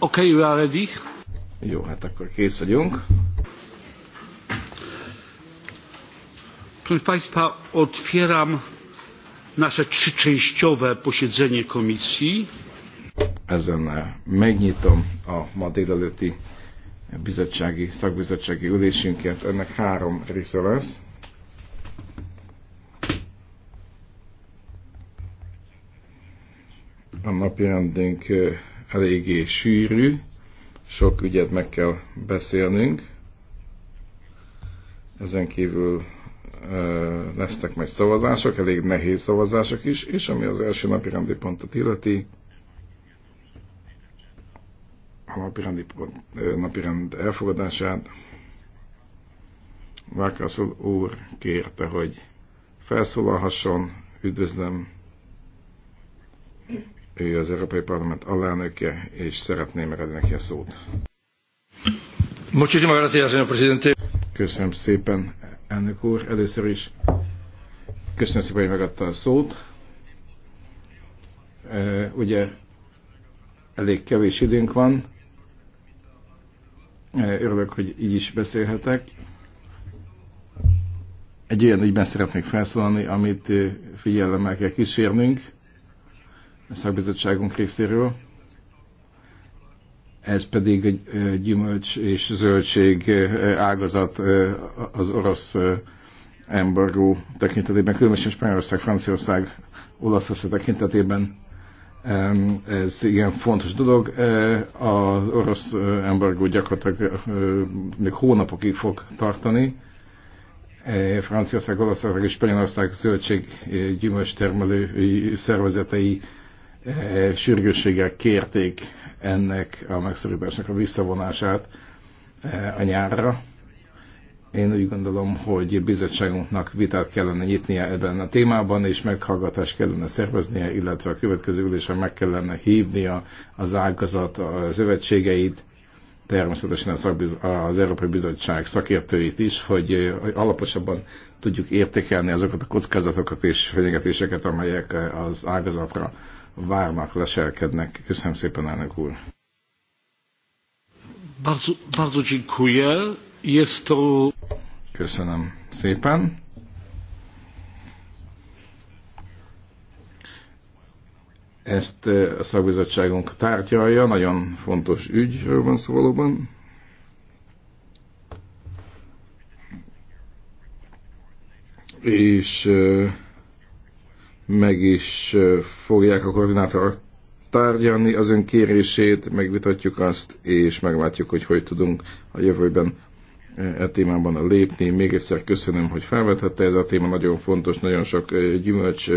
Okay, you are ready. Jó, hát akkor kész vagyunk. Proszę Państwa, otwieram nasze trzyczęściowe posiedzenie komisji. Ezen e, megnyitom a ma délelőtti bizottsági, szakbizottsági ülésünket. Ennek három része lesz. A napjelentünk e, eléggé sűrű, sok ügyet meg kell beszélnünk. Ezen kívül lesznek majd szavazások, elég nehéz szavazások is, és ami az első napi rendi pontot illeti, a napirendi pont, napirend elfogadását, Vákászul úr kérte, hogy felszólalhasson, üdvözlöm ő az Európai Parlament alelnöke, és szeretném eredni neki a szót. Köszönöm szépen, elnök úr. Először is köszönöm szépen, hogy megadta a szót. Ugye elég kevés időnk van. Örülök, hogy így is beszélhetek. Egy olyan ügyben szeretnék felszólalni, amit figyelemmel kell kísérnünk a szakbizottságunk részéről. Ez pedig egy gyümölcs és zöldség ágazat az orosz embargó tekintetében, különösen Spanyolország, Franciaország, Olaszország tekintetében. Ez igen fontos dolog. Az orosz embargó gyakorlatilag még hónapokig fog tartani. Franciaország, Olaszország és Spanyolország zöldség gyümölcs termelői szervezetei Eh, sürgősséggel kérték ennek a megszorításnak a visszavonását eh, a nyárra. Én úgy gondolom, hogy bizottságunknak vitát kellene nyitnia ebben a témában, és meghallgatást kellene szerveznie, illetve a következő ülésen meg kellene hívnia az ágazat, az övetségeit, természetesen az Európai Bizottság szakértőit is, hogy alaposabban tudjuk értékelni azokat a kockázatokat és fenyegetéseket, amelyek az ágazatra várnak, leselkednek. Köszönöm szépen, elnök úr. Bardzo, bardzo dziękuję. Jest to... Köszönöm szépen. Ezt e, a szakbizottságunk tárgyalja, nagyon fontos ügyről van szó valóban. És e, meg is fogják a koordinátorok tárgyalni az ön kérését, megvitatjuk azt, és meglátjuk, hogy hogy tudunk a jövőben e témában lépni. Még egyszer köszönöm, hogy felvethette ez a téma, nagyon fontos, nagyon sok gyümölcs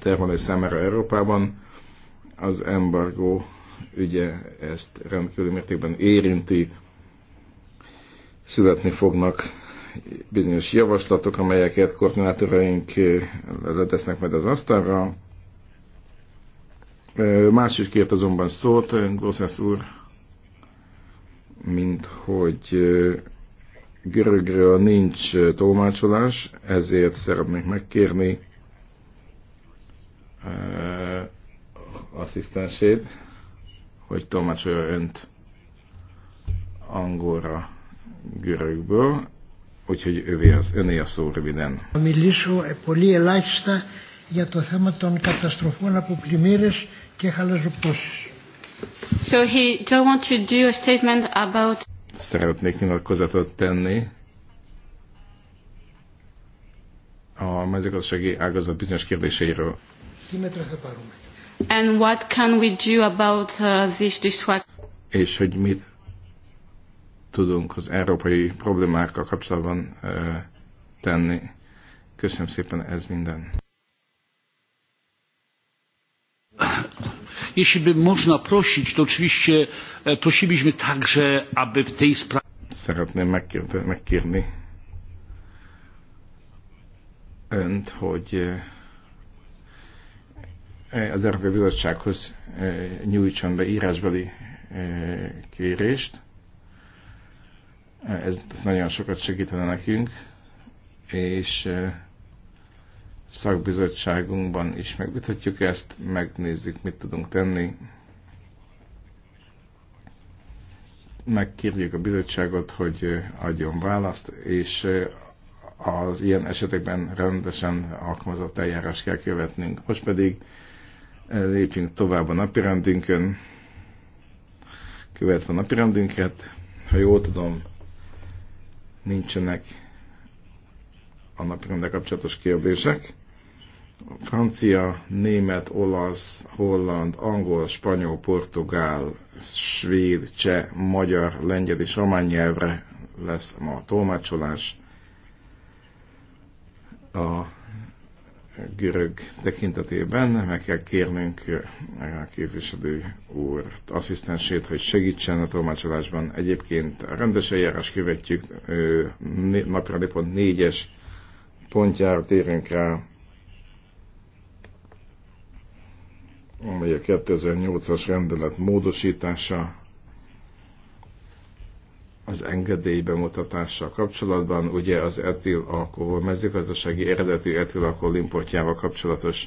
termelő számára Európában. Az embargó ügye ezt rendkívül mértékben érinti, születni fognak bizonyos javaslatok, amelyeket koordinátoraink eh, letesznek majd az asztalra. Eh, más is kért azonban szót, eh, Gossesz úr, mint hogy görögről nincs tolmácsolás, ezért szeretnék megkérni asszisztensét, hogy tolmácsolja önt angolra görögből. Úgyhogy övé az, öné a szó röviden. A Μιλήσω πολύ ελάχιστα για το θέμα των καταστροφών από πλημμύρες και χαλαζοπτώσεις. So he don't want to do a statement about... Szeretnék nyilatkozatot tenni a mezőgazdasági ágazat bizonyos kérdéseiről. And what can we do about uh, this destruction? És hogy mit tudunk az európai problémákkal kapcsolatban ö, tenni. Köszönöm szépen, ez minden. E, Szeretném megkérni önt, hogy e, e, az Európai Bizottsághoz nyújtson be írásbeli kérést, ez nagyon sokat segítene nekünk, és szakbizottságunkban is megvitatjuk ezt, megnézzük, mit tudunk tenni. Megkérjük a bizottságot, hogy adjon választ, és az ilyen esetekben rendesen alkalmazott eljárás kell követnünk. Most pedig lépjünk tovább a napirendünkön, követve a napirendünket. Ha jól tudom, nincsenek a napirendre kapcsolatos kérdések. Francia, német, olasz, holland, angol, spanyol, portugál, svéd, cseh, magyar, lengyel és román nyelvre lesz ma a tolmácsolás. A görög tekintetében meg kell kérnünk a képviselő úr asszisztensét, hogy segítsen a tolmácsolásban. Egyébként a rendes eljárás követjük, napirendi pont négyes pontjára térünk rá, amely a 2008-as rendelet módosítása, az engedély bemutatással kapcsolatban, ugye az etil alkohol, mezőgazdasági eredetű etil alkohol importjával kapcsolatos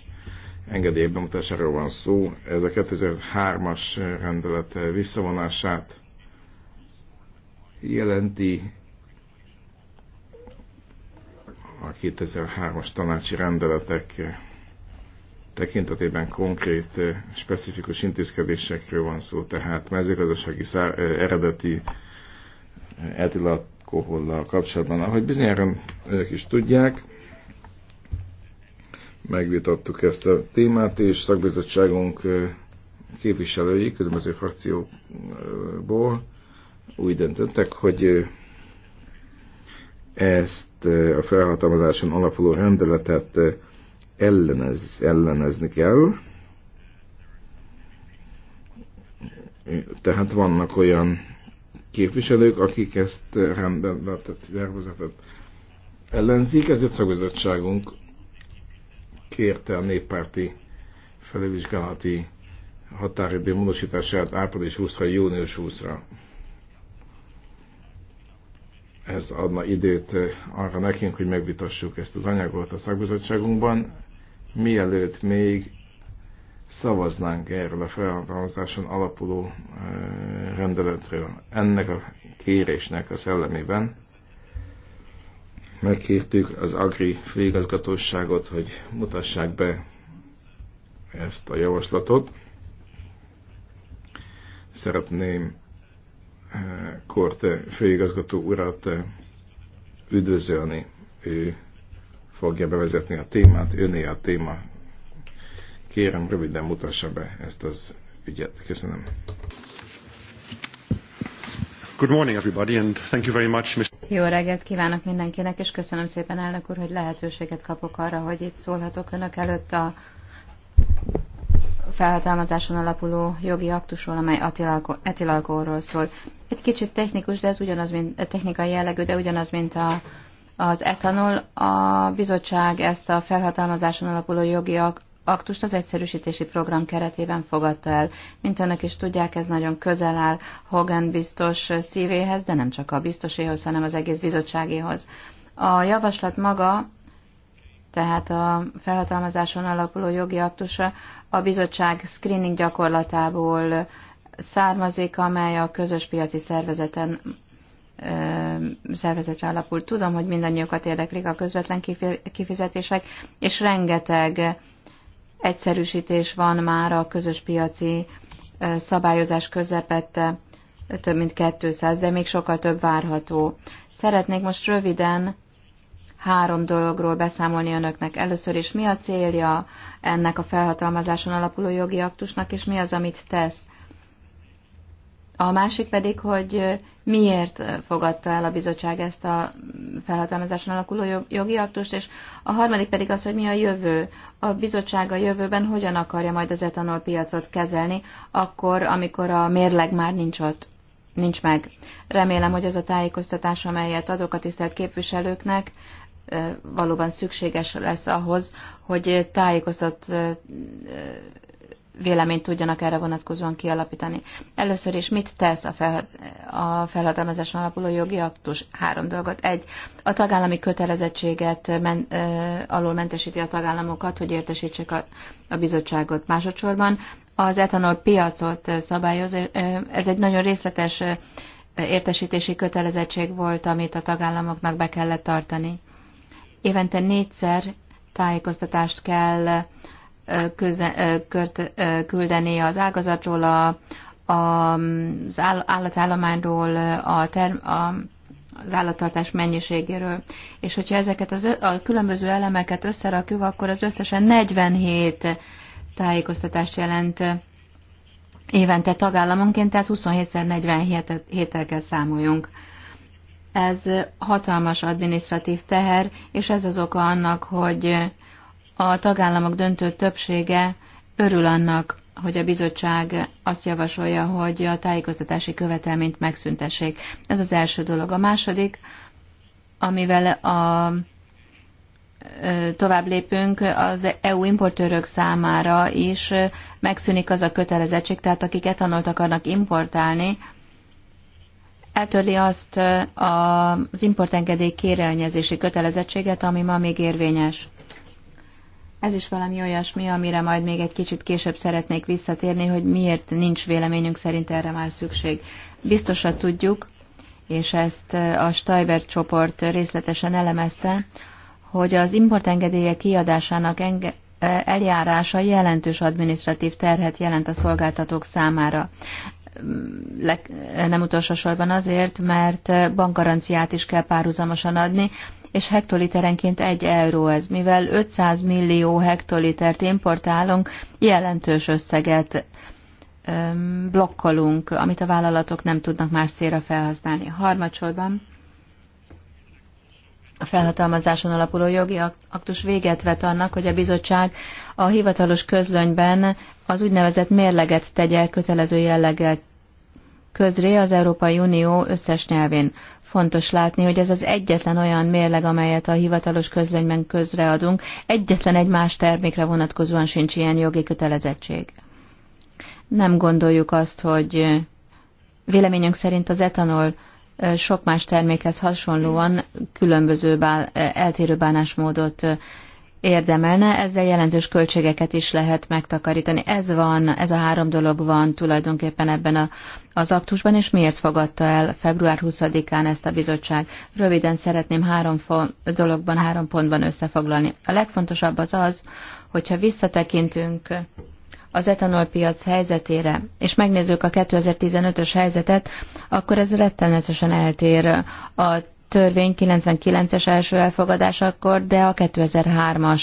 engedély bemutatásáról van szó. Ez a 2003-as rendelet visszavonását jelenti a 2003-as tanácsi rendeletek tekintetében konkrét, specifikus intézkedésekről van szó, tehát mezőgazdasági szá- eredetű etil kapcsolatban. Ahogy bizonyára ők is tudják, megvitattuk ezt a témát, és szakbizottságunk képviselői különböző frakcióból úgy döntöttek, hogy ezt a felhatalmazáson alapuló rendeletet ellenez, ellenezni kell. Tehát vannak olyan képviselők, akik ezt eh, rendben vetett tervezetet ellenzik, ezért szakbizottságunk kérte a néppárti felülvizsgálati határidő módosítását április 20-ra, június 20-ra. Ez adna időt eh, arra nekünk, hogy megvitassuk ezt az anyagot a szakbizottságunkban, mielőtt még szavaznánk erről a felhatalmazáson alapuló eh, rendeletről. Ennek a kérésnek a szellemében megkértük az Agri főigazgatóságot, hogy mutassák be ezt a javaslatot. Szeretném eh, Korte eh, főigazgató urat üdvözölni. Ő fogja bevezetni a témát, öné a téma Kérem, röviden mutassa be ezt az ügyet. Köszönöm. Good morning everybody and thank you very much, Mr. Jó reggelt kívánok mindenkinek, és köszönöm szépen elnök úr, hogy lehetőséget kapok arra, hogy itt szólhatok önök előtt a felhatalmazáson alapuló jogi aktusról, amely etilalkóról szól. Egy kicsit technikus, de ez ugyanaz, mint eh, technikai jellegű, de ugyanaz, mint a, az etanol. A bizottság ezt a felhatalmazáson alapuló jogi aktust az egyszerűsítési program keretében fogadta el. Mint önök is tudják, ez nagyon közel áll Hogan biztos szívéhez, de nem csak a biztoséhoz, hanem az egész bizottságéhoz. A javaslat maga, tehát a felhatalmazáson alapuló jogi aktusa a bizottság screening gyakorlatából származik, amely a közös piaci szervezeten szervezetre alapul. Tudom, hogy mindannyiukat érdeklik a közvetlen kifizetések, és rengeteg egyszerűsítés van már a közös piaci szabályozás közepette, több mint 200, de még sokkal több várható. Szeretnék most röviden három dologról beszámolni önöknek. Először is mi a célja ennek a felhatalmazáson alapuló jogi aktusnak, és mi az, amit tesz. A másik pedig, hogy miért fogadta el a bizottság ezt a felhatalmazáson alakuló jogi aktust, és a harmadik pedig az, hogy mi a jövő. A bizottság a jövőben hogyan akarja majd az etanol piacot kezelni, akkor, amikor a mérleg már nincs ott, nincs meg. Remélem, hogy ez a tájékoztatás, amelyet adok a tisztelt képviselőknek, valóban szükséges lesz ahhoz, hogy tájékoztat véleményt tudjanak erre vonatkozóan kialapítani. Először is mit tesz a, fel, a felhatalmazáson alapuló jogi aktus? Három dolgot. Egy, a tagállami kötelezettséget men, ö, alól mentesíti a tagállamokat, hogy értesítsék a, a bizottságot. Másodszorban az etanol piacot szabályoz. Ez egy nagyon részletes értesítési kötelezettség volt, amit a tagállamoknak be kellett tartani. Évente négyszer tájékoztatást kell küldeni az ágazatról, a, a, az állatállományról, a, term, a az állattartás mennyiségéről. És hogyha ezeket az, a különböző elemeket összerakjuk, akkor az összesen 47 tájékoztatást jelent évente tagállamonként, tehát 27-szer 47 héttel kell számoljunk. Ez hatalmas adminisztratív teher, és ez az oka annak, hogy a tagállamok döntő többsége örül annak, hogy a bizottság azt javasolja, hogy a tájékoztatási követelményt megszüntessék. Ez az első dolog. A második, amivel a, tovább lépünk, az EU importőrök számára is megszűnik az a kötelezettség, tehát akik etanolt akarnak importálni, eltörli azt az importengedély kérelnyezési kötelezettséget, ami ma még érvényes. Ez is valami olyasmi, amire majd még egy kicsit később szeretnék visszatérni, hogy miért nincs véleményünk szerint erre már szükség. Biztosra tudjuk, és ezt a Steiber csoport részletesen elemezte, hogy az importengedélyek kiadásának enge- e, eljárása jelentős adminisztratív terhet jelent a szolgáltatók számára. Nem utolsó sorban azért, mert bankgaranciát is kell párhuzamosan adni, és hektoliterenként 1 euró ez. Mivel 500 millió hektolitert importálunk, jelentős összeget öm, blokkolunk, amit a vállalatok nem tudnak más célra felhasználni. Harmadsorban a felhatalmazáson alapuló jogi aktus véget vet annak, hogy a bizottság a hivatalos közlönyben az úgynevezett mérleget tegye kötelező jelleggel közré az Európai Unió összes nyelvén. Fontos látni, hogy ez az egyetlen olyan mérleg, amelyet a hivatalos közlönyben közreadunk, egyetlen egy más termékre vonatkozóan sincs ilyen jogi kötelezettség. Nem gondoljuk azt, hogy véleményünk szerint az etanol sok más termékhez hasonlóan különböző bá, eltérő bánásmódot érdemelne, ezzel jelentős költségeket is lehet megtakarítani. Ez van, ez a három dolog van tulajdonképpen ebben a, az aktusban, és miért fogadta el február 20-án ezt a bizottság? Röviden szeretném három dologban, három pontban összefoglalni. A legfontosabb az az, hogyha visszatekintünk az etanolpiac helyzetére, és megnézzük a 2015-ös helyzetet, akkor ez rettenetesen eltér a törvény 99-es első elfogadásakor, de a 2003-as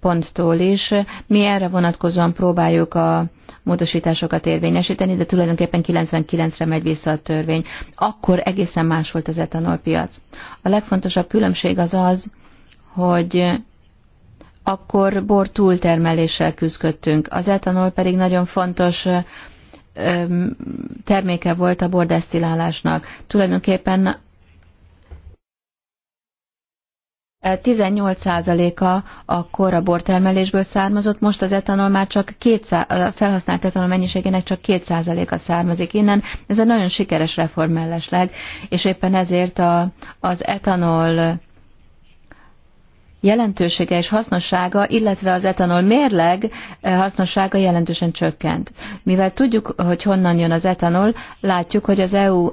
ponttól is. Mi erre vonatkozóan próbáljuk a módosításokat érvényesíteni, de tulajdonképpen 99-re megy vissza a törvény. Akkor egészen más volt az etanolpiac. A legfontosabb különbség az az, hogy akkor bor túltermeléssel küzdöttünk. Az etanol pedig nagyon fontos terméke volt a bordesztilálásnak. Tulajdonképpen 18%-a akkor a bortermelésből származott, most az etanol már csak 200, a felhasznált etanol mennyiségének csak 2%-a származik innen. Ez egy nagyon sikeres reform mellesleg, és éppen ezért a, az etanol jelentősége és hasznossága, illetve az etanol mérleg eh, hasznossága jelentősen csökkent. Mivel tudjuk, hogy honnan jön az etanol, látjuk, hogy az EU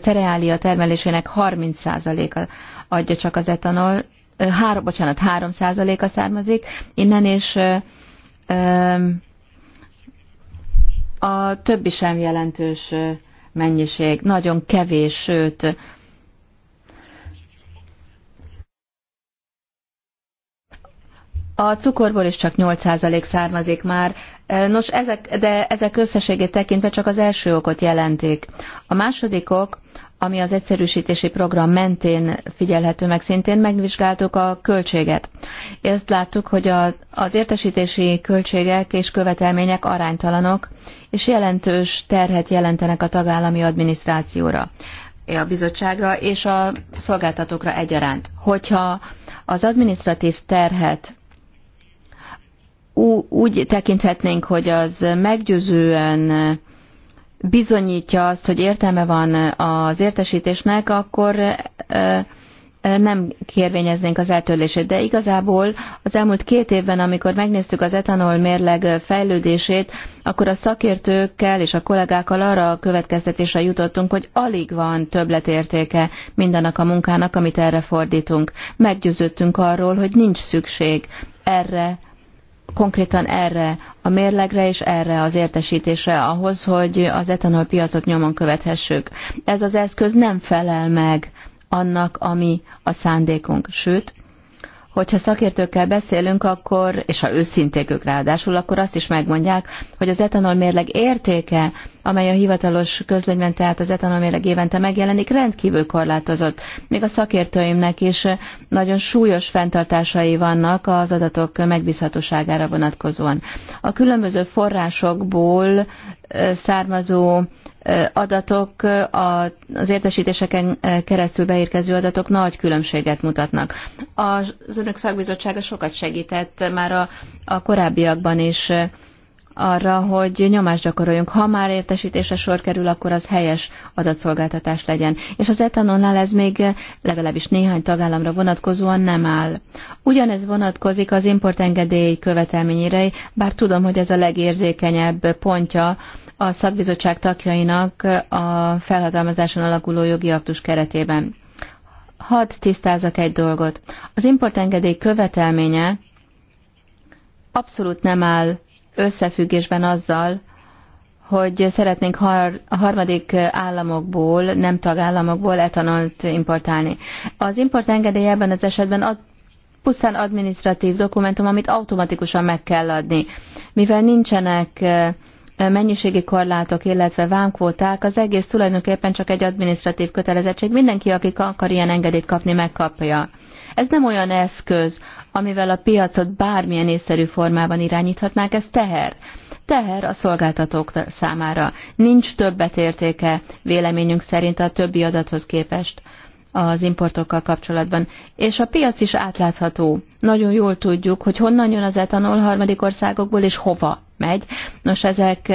cereália termelésének 30%-a adja csak az etanol, eh, három, bocsánat, 3%-a származik, innen és eh, a többi sem jelentős mennyiség, nagyon kevés, sőt, A cukorból is csak 8% származik már, e, nos, ezek, de ezek összességét tekintve csak az első okot jelentik. A második ok, ami az egyszerűsítési program mentén figyelhető meg szintén, megvizsgáltuk a költséget. Ezt láttuk, hogy a, az értesítési költségek és követelmények aránytalanok, és jelentős terhet jelentenek a tagállami adminisztrációra, a bizottságra és a szolgáltatókra egyaránt. Hogyha az adminisztratív terhet úgy tekinthetnénk, hogy az meggyőzően bizonyítja azt, hogy értelme van az értesítésnek, akkor nem kérvényeznénk az eltörlését. De igazából az elmúlt két évben, amikor megnéztük az etanol mérleg fejlődését, akkor a szakértőkkel és a kollégákkal arra a következtetésre jutottunk, hogy alig van többletértéke mindannak a munkának, amit erre fordítunk. Meggyőződtünk arról, hogy nincs szükség erre konkrétan erre a mérlegre és erre az értesítésre ahhoz, hogy az etanol piacot nyomon követhessük. Ez az eszköz nem felel meg annak, ami a szándékunk. Sőt, hogyha szakértőkkel beszélünk, akkor, és ha őszinték ők ráadásul, akkor azt is megmondják, hogy az etanol mérleg értéke, amely a hivatalos közlönyben, tehát az etanol mérleg évente megjelenik, rendkívül korlátozott. Még a szakértőimnek is nagyon súlyos fenntartásai vannak az adatok megbízhatóságára vonatkozóan. A különböző forrásokból származó adatok, az értesítéseken keresztül beérkező adatok nagy különbséget mutatnak. Az önök szakbizottsága sokat segített már a, a korábbiakban is arra, hogy nyomást gyakoroljunk. Ha már értesítésre sor kerül, akkor az helyes adatszolgáltatás legyen. És az etanonnál ez még legalábbis néhány tagállamra vonatkozóan nem áll. Ugyanez vonatkozik az importengedély követelményére, bár tudom, hogy ez a legérzékenyebb pontja a szakbizottság tagjainak a felhatalmazáson alakuló jogi aktus keretében. Hadd tisztázak egy dolgot. Az importengedély követelménye abszolút nem áll összefüggésben azzal, hogy szeretnénk har- a harmadik államokból, nem tagállamokból etanolt importálni. Az importengedély ebben az esetben ad- pusztán administratív dokumentum, amit automatikusan meg kell adni. Mivel nincsenek eh, mennyiségi korlátok, illetve vámkvóták, az egész tulajdonképpen csak egy adminisztratív kötelezettség. Mindenki, aki akar ilyen engedélyt kapni, megkapja. Ez nem olyan eszköz, amivel a piacot bármilyen észszerű formában irányíthatnák, ez teher. Teher a szolgáltatók számára. Nincs többet értéke véleményünk szerint a többi adathoz képest az importokkal kapcsolatban. És a piac is átlátható. Nagyon jól tudjuk, hogy honnan jön az etanol harmadik országokból és hova megy. Nos, ezek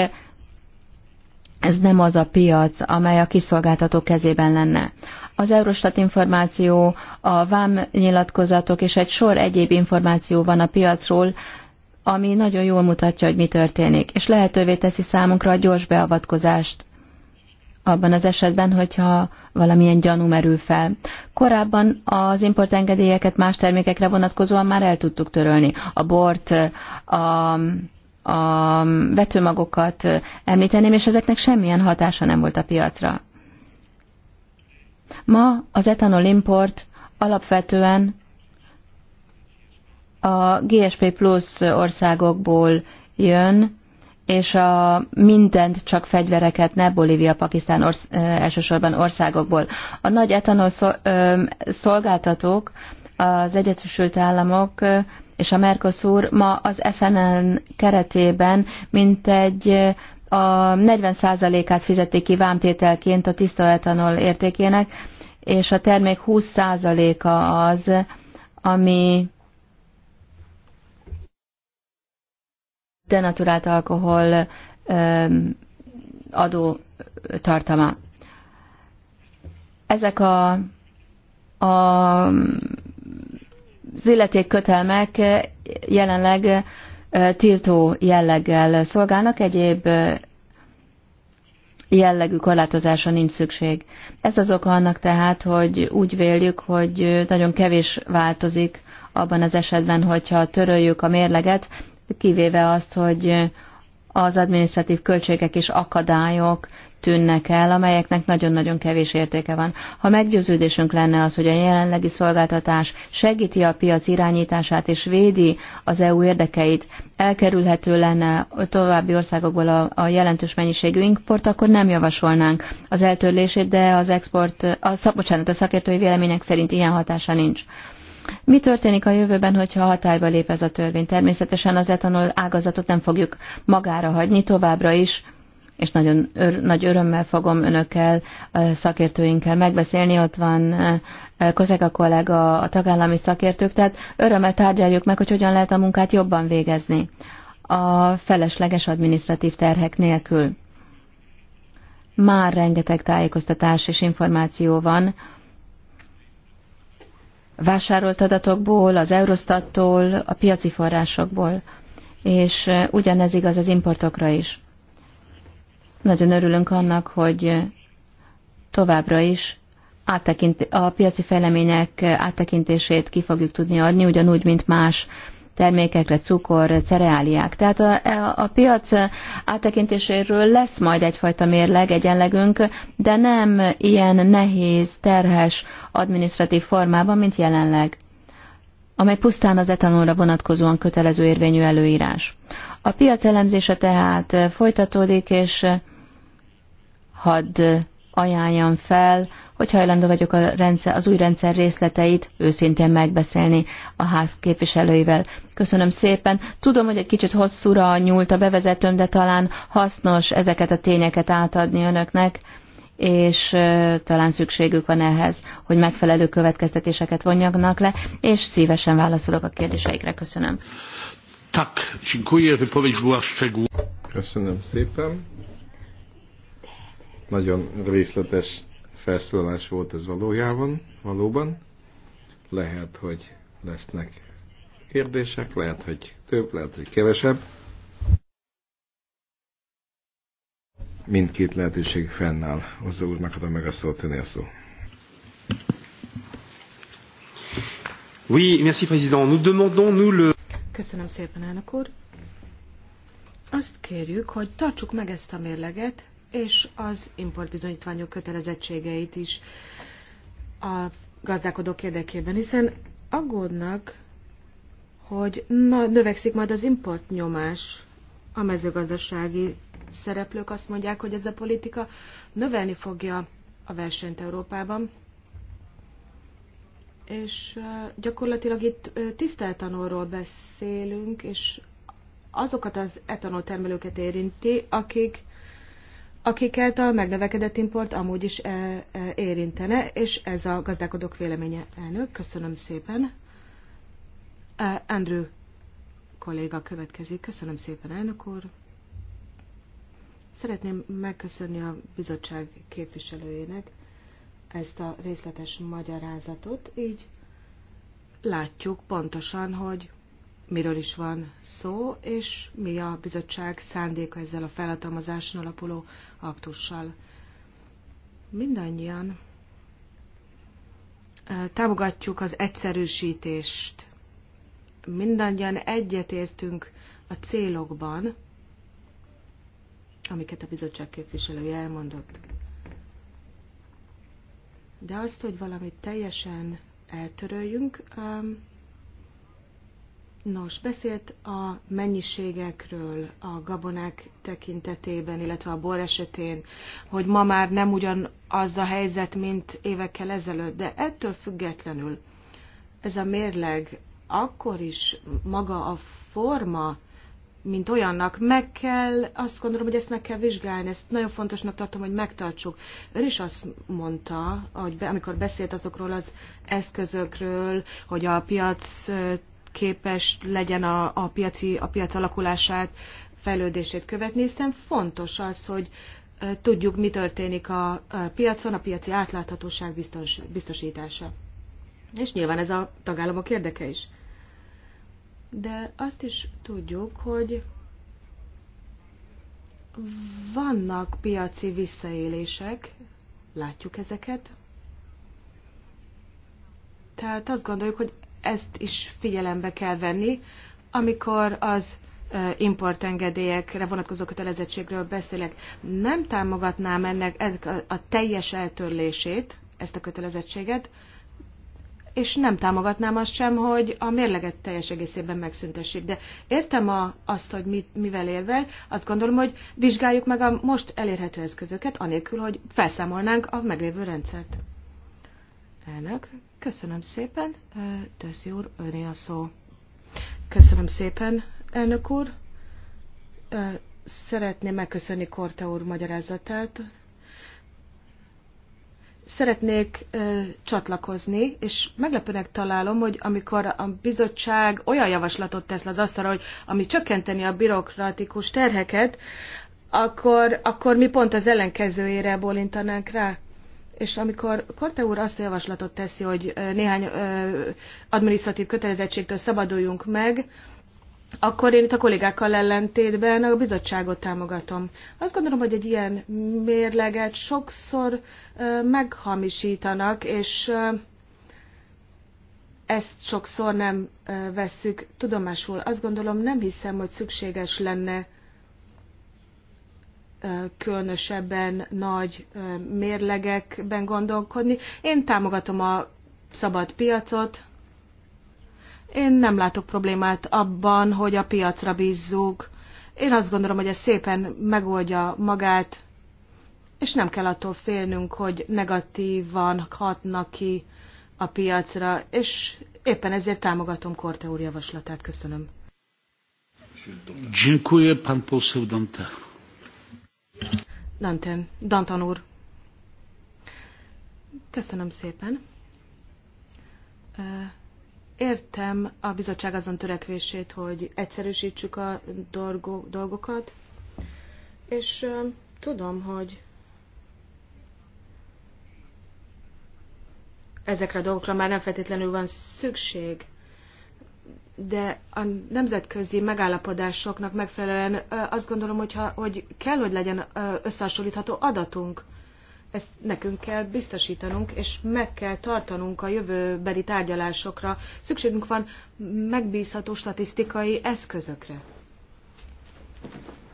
ez nem az a piac, amely a kiszolgáltató kezében lenne. Az Eurostat információ, a VAM nyilatkozatok és egy sor egyéb információ van a piacról, ami nagyon jól mutatja, hogy mi történik, és lehetővé teszi számunkra a gyors beavatkozást abban az esetben, hogyha valamilyen gyanú merül fel. Korábban az importengedélyeket más termékekre vonatkozóan már el tudtuk törölni. A bort, a a vetőmagokat említeném, és ezeknek semmilyen hatása nem volt a piacra. Ma az etanol import alapvetően a GSP plusz országokból jön, és a mindent csak fegyvereket, ne Bolívia, Pakisztán orsz, elsősorban országokból. A nagy etanol szolgáltatók, az Egyesült Államok és a Mercosur ma az FNN keretében mintegy a 40%-át fizeti ki vámtételként a tiszta etanol értékének, és a termék 20%-a az, ami denaturált alkohol adó tartama. Ezek a, a az illetékkötelmek jelenleg tiltó jelleggel szolgálnak, egyéb jellegű korlátozása nincs szükség. Ez az oka annak tehát, hogy úgy véljük, hogy nagyon kevés változik abban az esetben, hogyha töröljük a mérleget, kivéve azt, hogy az adminisztratív költségek és akadályok tűnnek el, amelyeknek nagyon-nagyon kevés értéke van. Ha meggyőződésünk lenne az, hogy a jelenlegi szolgáltatás segíti a piac irányítását és védi az EU érdekeit, elkerülhető lenne további országokból a, a jelentős mennyiségű import, akkor nem javasolnánk az eltörlését, de az export, a, bocsánat, a szakértői vélemények szerint ilyen hatása nincs. Mi történik a jövőben, hogyha hatályba lép ez a törvény? Természetesen az etanol ágazatot nem fogjuk magára hagyni továbbra is, és nagyon ör, nagy örömmel fogom önökkel, szakértőinkkel megbeszélni. Ott van kozeg a kollega, a tagállami szakértők, tehát örömmel tárgyaljuk meg, hogy hogyan lehet a munkát jobban végezni a felesleges adminisztratív terhek nélkül. Már rengeteg tájékoztatás és információ van, vásárolt adatokból, az Eurostattól, a piaci forrásokból, és ugyanez igaz az importokra is. Nagyon örülünk annak, hogy továbbra is áttekint, a piaci fejlemények áttekintését ki fogjuk tudni adni, ugyanúgy, mint más termékekre, cukor, cereáliák. Tehát a, a piac áttekintéséről lesz majd egyfajta mérleg, egyenlegünk, de nem ilyen nehéz, terhes, adminisztratív formában, mint jelenleg amely pusztán az etanolra vonatkozóan kötelező érvényű előírás. A piac elemzése tehát folytatódik, és hadd ajánljam fel, hogy hajlandó vagyok a rendszer, az új rendszer részleteit őszintén megbeszélni a ház képviselőivel. Köszönöm szépen. Tudom, hogy egy kicsit hosszúra nyúlt a bevezetőm, de talán hasznos ezeket a tényeket átadni önöknek és talán szükségük van ehhez, hogy megfelelő következtetéseket vonjanak le, és szívesen válaszolok a kérdéseikre. Köszönöm. Tak, dziękuję. Wypowiedź była szczegółowa. Köszönöm szépen. Nagyon részletes felszólalás volt ez valójában, valóban. Lehet, hogy lesznek kérdések, lehet, hogy több, lehet, hogy kevesebb. Mindkét lehetőség fennáll. Hozzá úr, adom meg a szót, a szó. Oui, merci président. Nous demandons nous le Köszönöm szépen, elnök úr. Azt kérjük, hogy tartsuk meg ezt a mérleget, és az importbizonyítványok kötelezettségeit is a gazdálkodók érdekében, hiszen aggódnak, hogy na, növekszik majd az importnyomás. A mezőgazdasági szereplők azt mondják, hogy ez a politika növelni fogja a versenyt Európában, és gyakorlatilag itt tiszteltanóról beszélünk, és azokat az etanoltermelőket érinti, akik akiket a megnövekedett import amúgy is e, e, érintene, és ez a gazdálkodók véleménye elnök. Köszönöm szépen. E, Andrew kolléga következik. Köszönöm szépen, elnök úr. Szeretném megköszönni a bizottság képviselőjének ezt a részletes magyarázatot, így látjuk pontosan, hogy miről is van szó, és mi a bizottság szándéka ezzel a felhatalmazáson alapuló aktussal. Mindannyian eh, támogatjuk az egyszerűsítést. Mindannyian egyetértünk a célokban, amiket a bizottság képviselője elmondott. De azt, hogy valamit teljesen eltöröljünk, ehm, Nos, beszélt a mennyiségekről a gabonák tekintetében, illetve a bor esetén, hogy ma már nem ugyan az a helyzet, mint évekkel ezelőtt, de ettől függetlenül ez a mérleg akkor is maga a forma, mint olyannak, meg kell, azt gondolom, hogy ezt meg kell vizsgálni, ezt nagyon fontosnak tartom, hogy megtartsuk. Ön is azt mondta, hogy be, amikor beszélt azokról az eszközökről, hogy a piac képes legyen a, a, piaci, a piac alakulását, fejlődését követni, hiszen fontos az, hogy tudjuk, mi történik a piacon, a piaci átláthatóság biztos, biztosítása. És nyilván ez a tagállamok érdeke is. De azt is tudjuk, hogy vannak piaci visszaélések, látjuk ezeket. Tehát azt gondoljuk, hogy ezt is figyelembe kell venni, amikor az importengedélyekre vonatkozó kötelezettségről beszélek. Nem támogatnám ennek a teljes eltörlését, ezt a kötelezettséget, és nem támogatnám azt sem, hogy a mérleget teljes egészében megszüntessék. De értem a, azt, hogy mit, mivel érvel, azt gondolom, hogy vizsgáljuk meg a most elérhető eszközöket, anélkül, hogy felszámolnánk a meglévő rendszert. Elnök, Köszönöm szépen, Teszi úr, öné a szó. Köszönöm szépen, elnök úr. Szeretném megköszönni Korte úr magyarázatát. Szeretnék ö, csatlakozni, és meglepőnek találom, hogy amikor a bizottság olyan javaslatot tesz le az asztalra, hogy ami csökkenteni a bürokratikus terheket, akkor, akkor mi pont az ellenkezőjére bólintanánk rá és amikor Korte úr azt a javaslatot teszi, hogy néhány adminisztratív kötelezettségtől szabaduljunk meg, akkor én itt a kollégákkal ellentétben a bizottságot támogatom. Azt gondolom, hogy egy ilyen mérleget sokszor meghamisítanak, és ezt sokszor nem vesszük tudomásul. Azt gondolom, nem hiszem, hogy szükséges lenne különösebben nagy mérlegekben gondolkodni. Én támogatom a szabad piacot. Én nem látok problémát abban, hogy a piacra bízzuk. Én azt gondolom, hogy ez szépen megoldja magát, és nem kell attól félnünk, hogy negatívan hatnak ki a piacra, és éppen ezért támogatom Korte úr javaslatát. Köszönöm. Dziękuję, pan poseł Dantech. Danten, Dantan úr. Köszönöm szépen. Értem a bizottság azon törekvését, hogy egyszerűsítsük a dolgokat, és tudom, hogy ezekre a dolgokra már nem feltétlenül van szükség de a nemzetközi megállapodásoknak megfelelően azt gondolom, hogyha, hogy kell, hogy legyen összehasonlítható adatunk. Ezt nekünk kell biztosítanunk, és meg kell tartanunk a jövőbeli tárgyalásokra. Szükségünk van megbízható statisztikai eszközökre.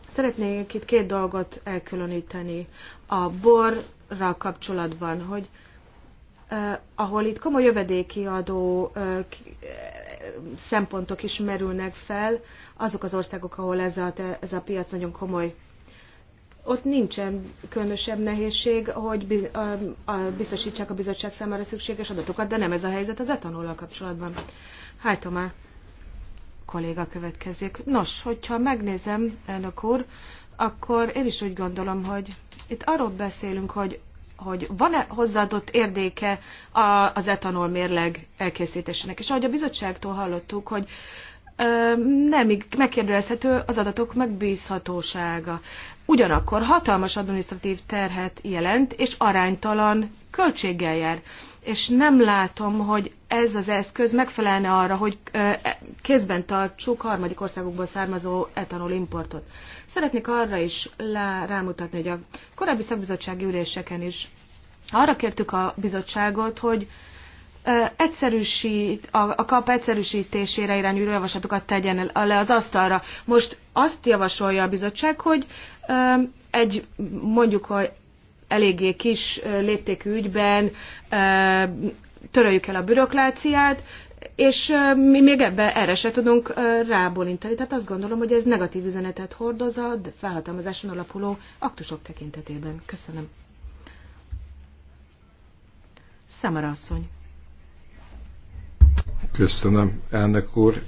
Szeretnék itt két dolgot elkülöníteni. A borra kapcsolatban, hogy eh, ahol itt komoly jövedéki adó eh, szempontok is merülnek fel, azok az országok, ahol ez a, ez a piac nagyon komoly. Ott nincsen különösebb nehézség, hogy biztosítsák a bizottság számára szükséges adatokat, de nem ez a helyzet az etanollal kapcsolatban. Hát, már kolléga következik. Nos, hogyha megnézem, elnök úr, akkor én is úgy gondolom, hogy itt arról beszélünk, hogy hogy van-e hozzáadott érdéke az etanol mérleg elkészítésének. És ahogy a bizottságtól hallottuk, hogy nem megkérdezhető az adatok megbízhatósága. Ugyanakkor hatalmas adminisztratív terhet jelent, és aránytalan költséggel jár. És nem látom, hogy ez az eszköz megfelelne arra, hogy e, kézben tartsuk harmadik országokból származó etanol importot. Szeretnék arra is rámutatni, hogy a korábbi szakbizottsági üléseken is arra kértük a bizottságot, hogy egyszerűsít, a, a kap egyszerűsítésére irányuló javaslatokat tegyen le az asztalra. Most azt javasolja a bizottság, hogy egy mondjuk a eléggé kis léptékű ügyben töröljük el a bürokráciát, és mi még ebbe erre se tudunk rábólintani. Tehát azt gondolom, hogy ez negatív üzenetet hordoz a felhatalmazáson alapuló aktusok tekintetében. Köszönöm. Szemara asszony. Köszönöm, elnök úr.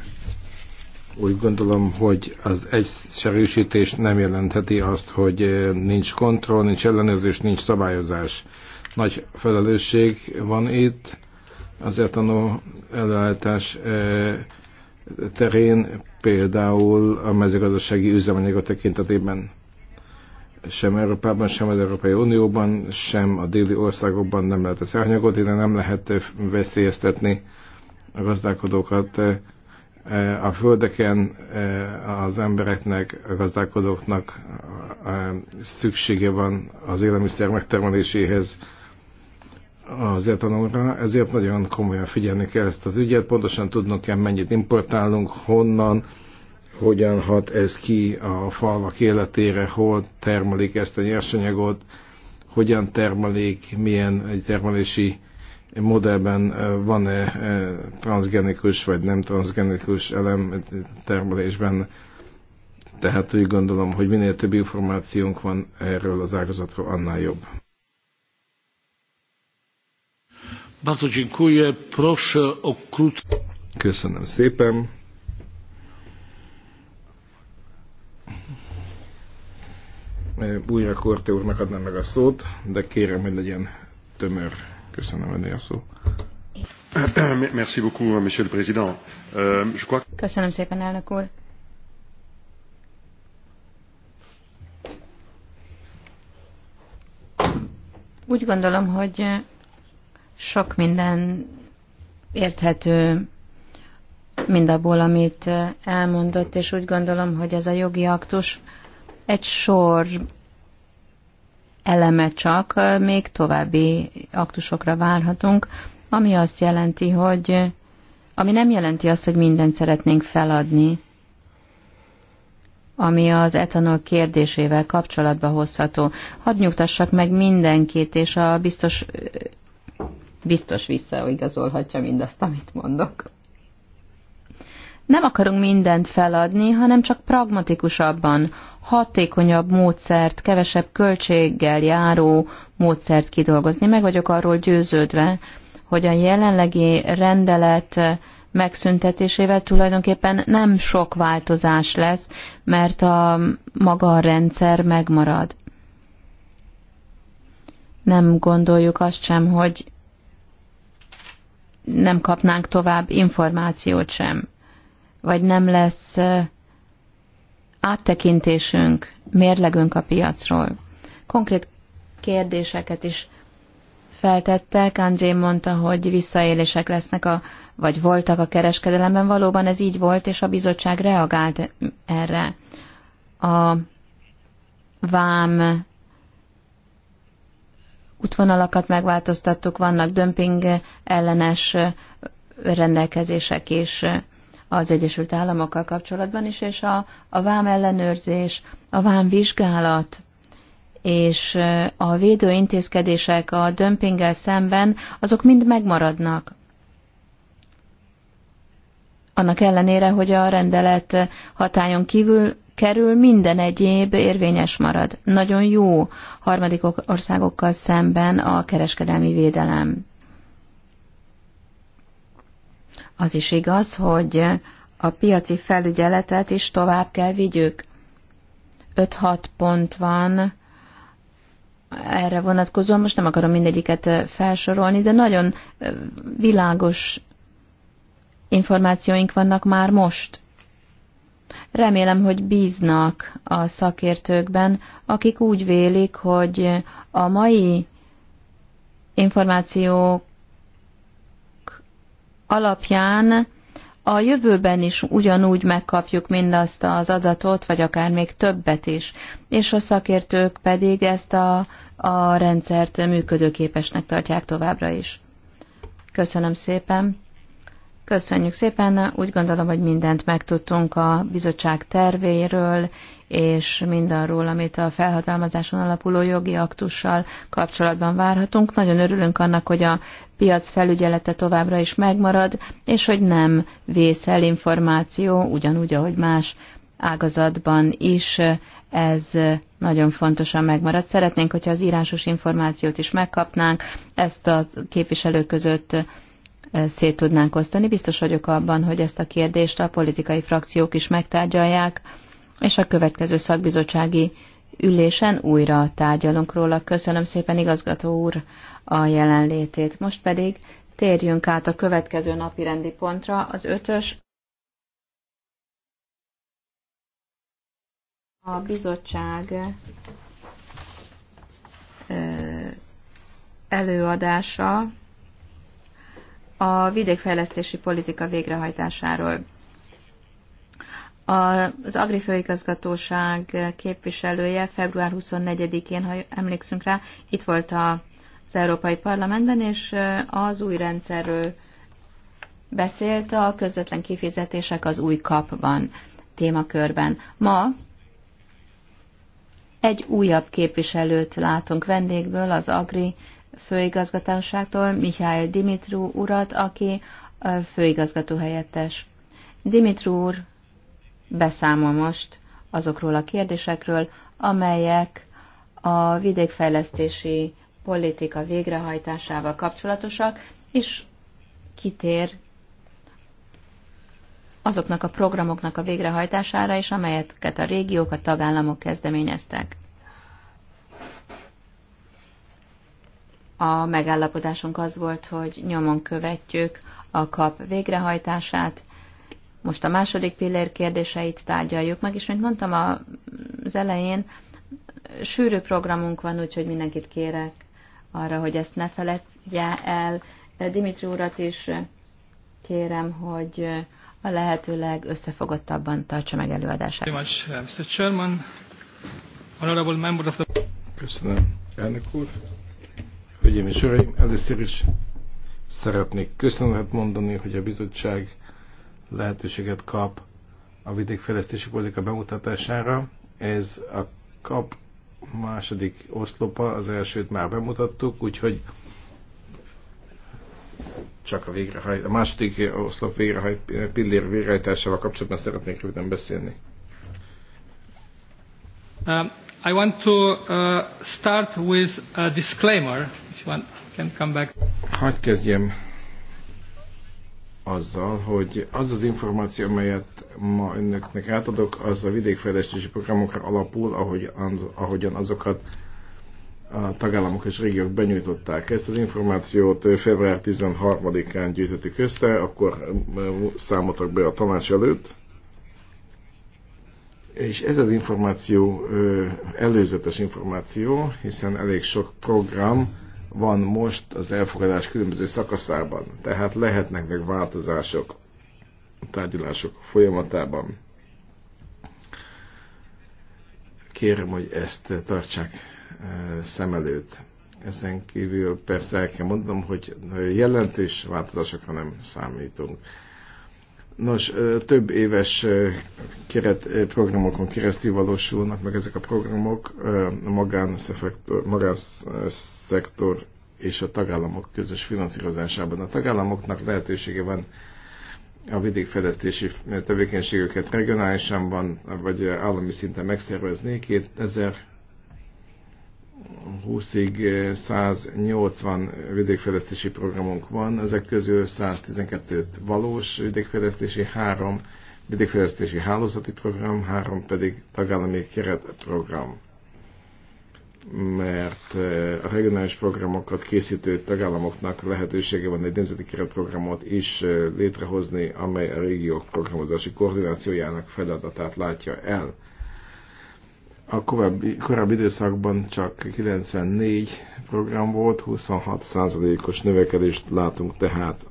Úgy gondolom, hogy az egyszerűsítés nem jelentheti azt, hogy nincs kontroll, nincs ellenőrzés, nincs szabályozás. Nagy felelősség van itt az etanol előállítás eh, terén, például a mezőgazdasági üzemanyagok tekintetében. Sem Európában, sem az Európai Unióban, sem a déli országokban nem lehet az anyagot, de nem lehet eh, veszélyeztetni a gazdálkodókat eh, a földeken az embereknek, a gazdálkodóknak szüksége van az élelmiszer megtermeléséhez, az etanolra, ezért nagyon komolyan figyelni kell ezt az ügyet, pontosan tudnunk kell, mennyit importálunk, honnan, hogyan hat ez ki a falvak életére, hol termelik ezt a nyersanyagot, hogyan termelik, milyen egy termelési modellben van-e transgenikus vagy nem transgenikus elem termelésben. Tehát úgy gondolom, hogy minél több információnk van erről az ágazatról, annál jobb. Bardzo dziękuję. Proszę o Köszönöm szépen. Újra Korte úrnak adnám meg a szót, de kérem, hogy legyen tömör. Köszönöm, hogy a szó. Merci beaucoup, monsieur le président. Euh, je crois... Köszönöm szépen, elnök úr. Úgy gondolom, hogy sok minden érthető mindabból, amit eh, elmondott, és úgy gondolom, hogy ez a jogi aktus egy sor eleme csak, eh, még további aktusokra várhatunk, ami azt jelenti, hogy eh, ami nem jelenti azt, hogy mindent szeretnénk feladni, ami az etanol kérdésével kapcsolatba hozható. Hadd nyugtassak meg mindenkit, és a biztos biztos visszaigazolhatja mindazt, amit mondok. Nem akarunk mindent feladni, hanem csak pragmatikusabban, hatékonyabb módszert, kevesebb költséggel járó módszert kidolgozni. Meg vagyok arról győződve, hogy a jelenlegi rendelet megszüntetésével tulajdonképpen nem sok változás lesz, mert a maga a rendszer megmarad. Nem gondoljuk azt sem, hogy nem kapnánk tovább információt sem, vagy nem lesz áttekintésünk, mérlegünk a piacról. Konkrét kérdéseket is feltettek. André mondta, hogy visszaélések lesznek, a, vagy voltak a kereskedelemben. Valóban ez így volt, és a bizottság reagált erre. A vám útvonalakat megváltoztattuk, vannak dömping ellenes rendelkezések is az Egyesült Államokkal kapcsolatban is, és a, a vám ellenőrzés, a vám vizsgálat és a védő intézkedések a dömpinggel szemben, azok mind megmaradnak. Annak ellenére, hogy a rendelet hatályon kívül kerül, minden egyéb érvényes marad. Nagyon jó harmadik országokkal szemben a kereskedelmi védelem. Az is igaz, hogy a piaci felügyeletet is tovább kell vigyük. 5-6 pont van erre vonatkozóan, most nem akarom mindegyiket felsorolni, de nagyon világos információink vannak már most Remélem, hogy bíznak a szakértőkben, akik úgy vélik, hogy a mai információk alapján a jövőben is ugyanúgy megkapjuk mindazt az adatot, vagy akár még többet is, és a szakértők pedig ezt a, a rendszert működőképesnek tartják továbbra is. Köszönöm szépen! Köszönjük szépen. Úgy gondolom, hogy mindent megtudtunk a bizottság tervéről, és mindarról, amit a felhatalmazáson alapuló jogi aktussal kapcsolatban várhatunk. Nagyon örülünk annak, hogy a piac felügyelete továbbra is megmarad, és hogy nem vészel információ, ugyanúgy, ahogy más ágazatban is ez nagyon fontosan megmarad. Szeretnénk, hogyha az írásos információt is megkapnánk, ezt a képviselők között szét tudnánk osztani. Biztos vagyok abban, hogy ezt a kérdést a politikai frakciók is megtárgyalják, és a következő szakbizottsági ülésen újra tárgyalunk róla. Köszönöm szépen, igazgató úr, a jelenlétét. Most pedig térjünk át a következő napi rendi pontra, az ötös. A bizottság előadása a vidékfejlesztési politika végrehajtásáról. Az Agrifőigazgatóság képviselője február 24-én, ha emlékszünk rá, itt volt az Európai Parlamentben, és az új rendszerről beszélt a közvetlen kifizetések az új kapban témakörben. Ma egy újabb képviselőt látunk vendégből az Agri főigazgatóságtól Mihály Dimitru urat, aki főigazgató helyettes. Dimitru úr beszámol most azokról a kérdésekről, amelyek a vidékfejlesztési politika végrehajtásával kapcsolatosak, és kitér azoknak a programoknak a végrehajtására is, amelyeket a régiók, a tagállamok kezdeményeztek. A megállapodásunk az volt, hogy nyomon követjük a kap végrehajtását, most a második pillér kérdéseit tárgyaljuk meg, és mint mondtam az elején, sűrű programunk van, úgyhogy mindenkit kérek arra, hogy ezt ne feledje el. Dimitri urat is kérem, hogy a lehetőleg összefogottabban tartsa meg előadását. Uh, Köszönöm, elnök úr. Hölgyeim és Uraim, először is szeretnék köszönetet mondani, hogy a bizottság lehetőséget kap a vidékfejlesztési politika bemutatására. Ez a kap második oszlopa, az elsőt már bemutattuk, úgyhogy csak a, végrehajt, a második oszlop végrehajt, pillér végrehajtásával kapcsolatban szeretnék röviden beszélni. Uh, I want to uh, start with a disclaimer want, can come back. Hadd kezdjem azzal, hogy az az információ, amelyet ma önöknek átadok, az a vidékfejlesztési programokra alapul, ahogy, ahogyan azokat a tagállamok és régiók benyújtották. Ezt az információt február 13-án gyűjtöttük össze, akkor eh, számoltak be a tanács előtt. És ez az információ eh, előzetes információ, hiszen elég sok program, van most az elfogadás különböző szakaszában, tehát lehetnek meg változások a tárgyalások folyamatában. Kérem, hogy ezt tartsák e, szem előtt. Ezen kívül persze el kell mondanom, hogy jelentős változásokra nem számítunk. Nos, több éves keretprogramokon keresztül valósulnak meg ezek a programok a magánszektor, magánszektor és a tagállamok közös finanszírozásában. A tagállamoknak lehetősége van a vidékfejlesztési tevékenységüket regionálisan van, vagy állami szinten megszervezni. 2000 20-ig 180 eh, vidékfejlesztési programunk van, ezek közül 112 valós vidékfejlesztési, 3 vidékfejlesztési hálózati program, 3 pedig tagállami keretprogram. Mert eh, a regionális programokat készítő tagállamoknak lehetősége van egy nemzeti keretprogramot is eh, létrehozni, amely a régiók programozási koordinációjának feladatát látja el a korábbi, korábbi időszakban csak 94 program volt, 26%-os növekedést látunk tehát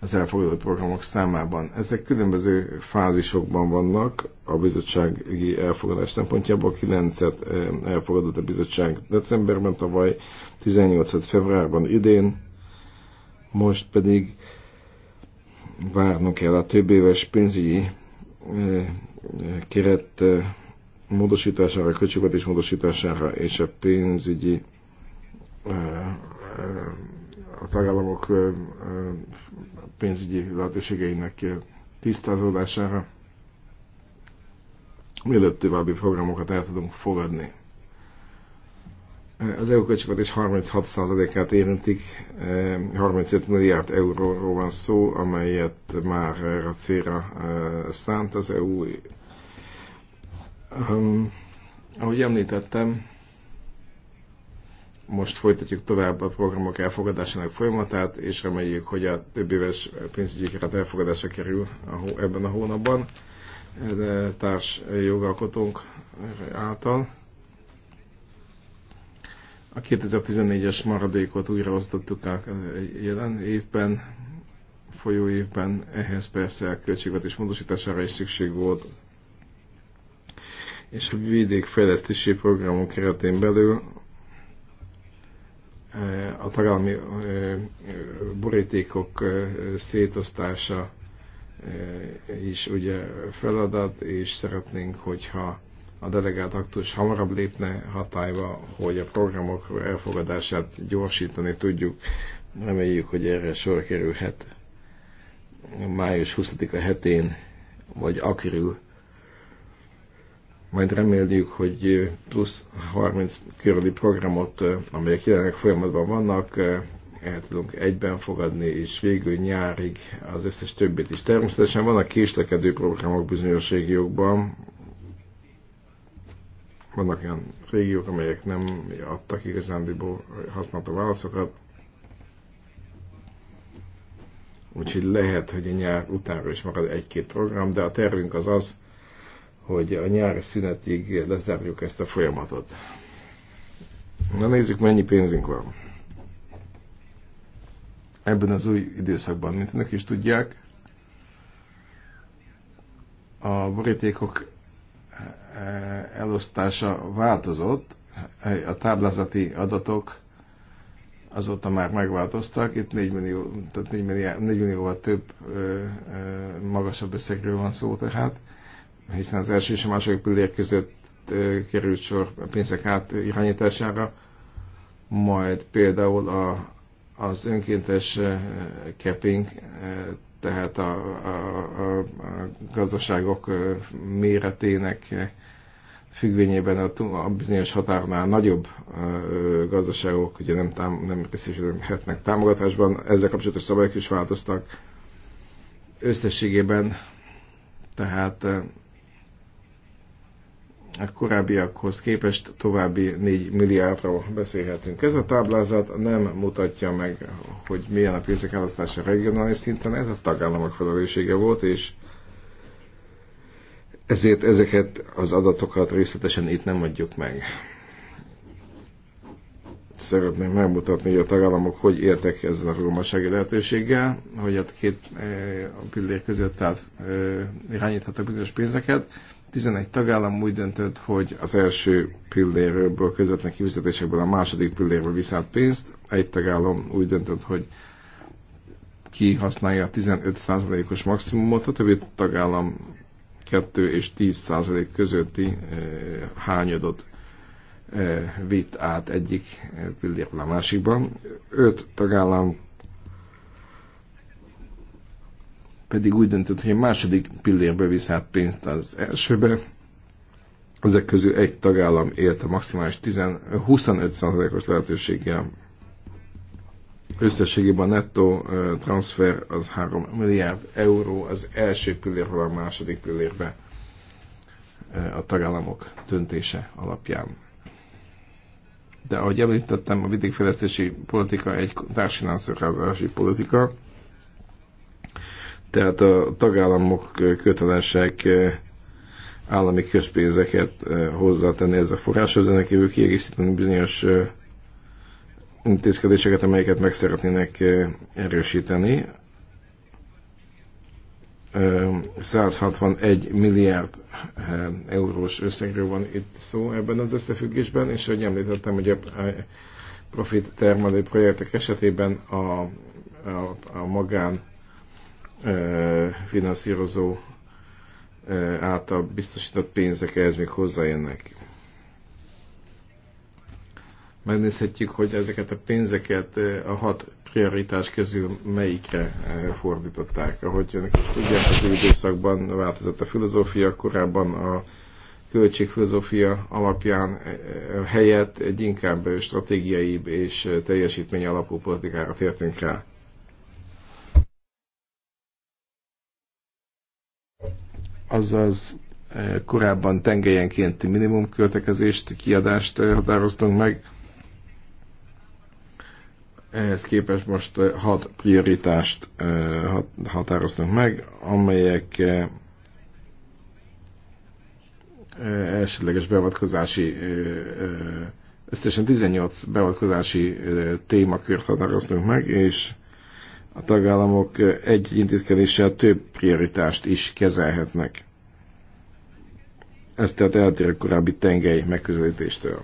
az elfogadott programok számában. Ezek különböző fázisokban vannak a bizottsági elfogadás szempontjából. 9-et eh, elfogadott a bizottság decemberben tavaly, 18-et februárban idén, most pedig várnunk kell a több éves pénzügyi eh, keret eh, módosítására, a költségvetés módosítására és a pénzügyi eh, eh, a tagállamok pénzügyi lehetőségeinek tisztázódására, mielőtt további programokat el tudunk fogadni. Az EU költségvetés 36%-át érintik, 35 eh, milliárd euróról van szó, amelyet már racéra eh, szánt az EU. Ehm, ahogy említettem, most folytatjuk tovább a programok elfogadásának folyamatát, és reméljük, hogy a több éves pénzügyi keret elfogadása kerül ebben a hónapban eh, de társ jogalkotónk által a 2014-es maradékot újraosztottuk a e, jelen évben, folyó évben, ehhez persze a költségvetés módosítására is szükség volt, és a vidékfejlesztési programok keretén belül e, a tagállami e, borítékok szétosztása is ugye feladat, és szeretnénk, hogyha a delegált aktus hamarabb lépne hatályba, hogy a programok elfogadását gyorsítani tudjuk. Reméljük, hogy erre sor kerülhet május 20-a hetén, vagy akirül. Majd reméljük, hogy plusz 30 körüli programot, amelyek jelenleg folyamatban vannak, el tudunk egyben fogadni, és végül nyárig az összes többit is. Természetesen vannak késlekedő programok bizonyos régiókban, vannak olyan régiók, amelyek nem adtak igazándiból használható válaszokat, úgyhogy lehet, hogy a nyár utánra is marad egy-két program, de a tervünk az az, hogy a nyár szünetig lezárjuk ezt a folyamatot. Na nézzük, mennyi pénzünk van. Ebben az új időszakban, mint önök is tudják, a borítékok elosztása változott, a táblázati adatok azóta már megváltoztak, itt 4 millió, tehát 4 millió, 4 millióval több magasabb összegről van szó tehát, hiszen az első és a második pillér között került sor a pénzek átirányítására, majd például a, az önkéntes capping, tehát a, a, a gazdaságok méretének függvényében a, a bizonyos határnál nagyobb ö, gazdaságok ugye nem, tám, nem részesülhetnek támogatásban, ezzel kapcsolatos szabályok is változtak. Összességében tehát a korábbiakhoz képest további 4 milliárdról beszélhetünk. Ez a táblázat nem mutatja meg, hogy milyen a pénzek elosztása regionális szinten, ez a tagállamok felelőssége volt, és ezért ezeket az adatokat részletesen itt nem adjuk meg. Szeretném megmutatni, hogy a tagállamok hogy értek ezzel a rómasági lehetőséggel, hogy a két eh, a pillér között tehát eh, irányíthatok bizonyos pénzeket. 11 tagállam úgy döntött, hogy az első pillérből közvetlen kifizetésekből a második pillérből viszállt pénzt. Egy tagállam úgy döntött, hogy kihasználja a 15%-os maximumot, a többi tagállam 2 és 10 százalék közötti eh, hányadot eh, vitt át egyik eh, pillanatban a másikban. Öt tagállam pedig úgy döntött, hogy a második pillérbe visz át pénzt az elsőbe. Ezek közül egy tagállam élt a maximális 10, 25%-os lehetőséggel Összességében a nettó transfer az 3 milliárd euró az első pillérről a második pillérbe a tagállamok döntése alapján. De ahogy említettem, a vidékfejlesztési politika egy társfinanszírozási politika, tehát a tagállamok kötelesek állami közpénzeket hozzátenni ez a forráshoz, ennek kívül kiegészíteni bizonyos intézkedéseket, amelyeket meg szeretnének eh, erősíteni. 161 eh, milliárd eh, eurós összegről van itt szó ebben az összefüggésben, és ahogy említettem, hogy a profit termelő projektek esetében a, a, a magán finanszírozó által biztosított pénzek ehhez még hozzájönnek megnézhetjük, hogy ezeket a pénzeket eh, a hat prioritás közül melyikre eh, fordították. Ahogy önök is tudják, az időszakban változott a filozófia, korábban a költségfilozófia alapján eh, helyett egy inkább stratégiai és teljesítmény alapú politikára tértünk rá. Azaz korábban tengelyenkénti minimum költekezést, kiadást határoztunk meg, ehhez képest most eh, hat prioritást eh, határoztunk meg, amelyek eh, elsődleges beavatkozási összesen 18 beavatkozási témakört határoztunk meg, és a tagállamok egy intézkedéssel több prioritást is kezelhetnek. Ez tehát eltér a korábbi tengely megközelítéstől.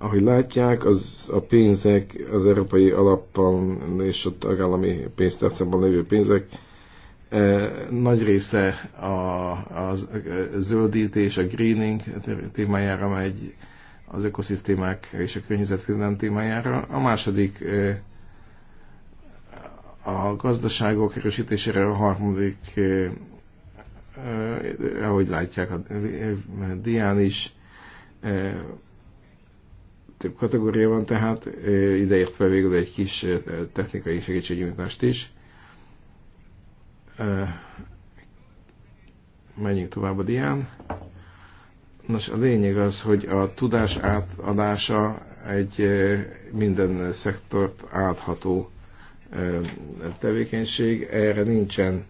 Ahogy látják, az, a pénzek az európai alappal és a tagállami pénztárcában lévő pénzek e, nagy része a, a, a e, zöldítés, a greening témájára megy, az ökoszisztémák és a környezetvédelem témájára. A második e, a gazdaságok erősítésére, a harmadik, ahogy látják a dián is, több kategória van tehát, ideértve végül egy kis technikai segítségnyújtást is. Menjünk tovább a dián. Nos, a lényeg az, hogy a tudás átadása egy minden szektort átható tevékenység. Erre nincsen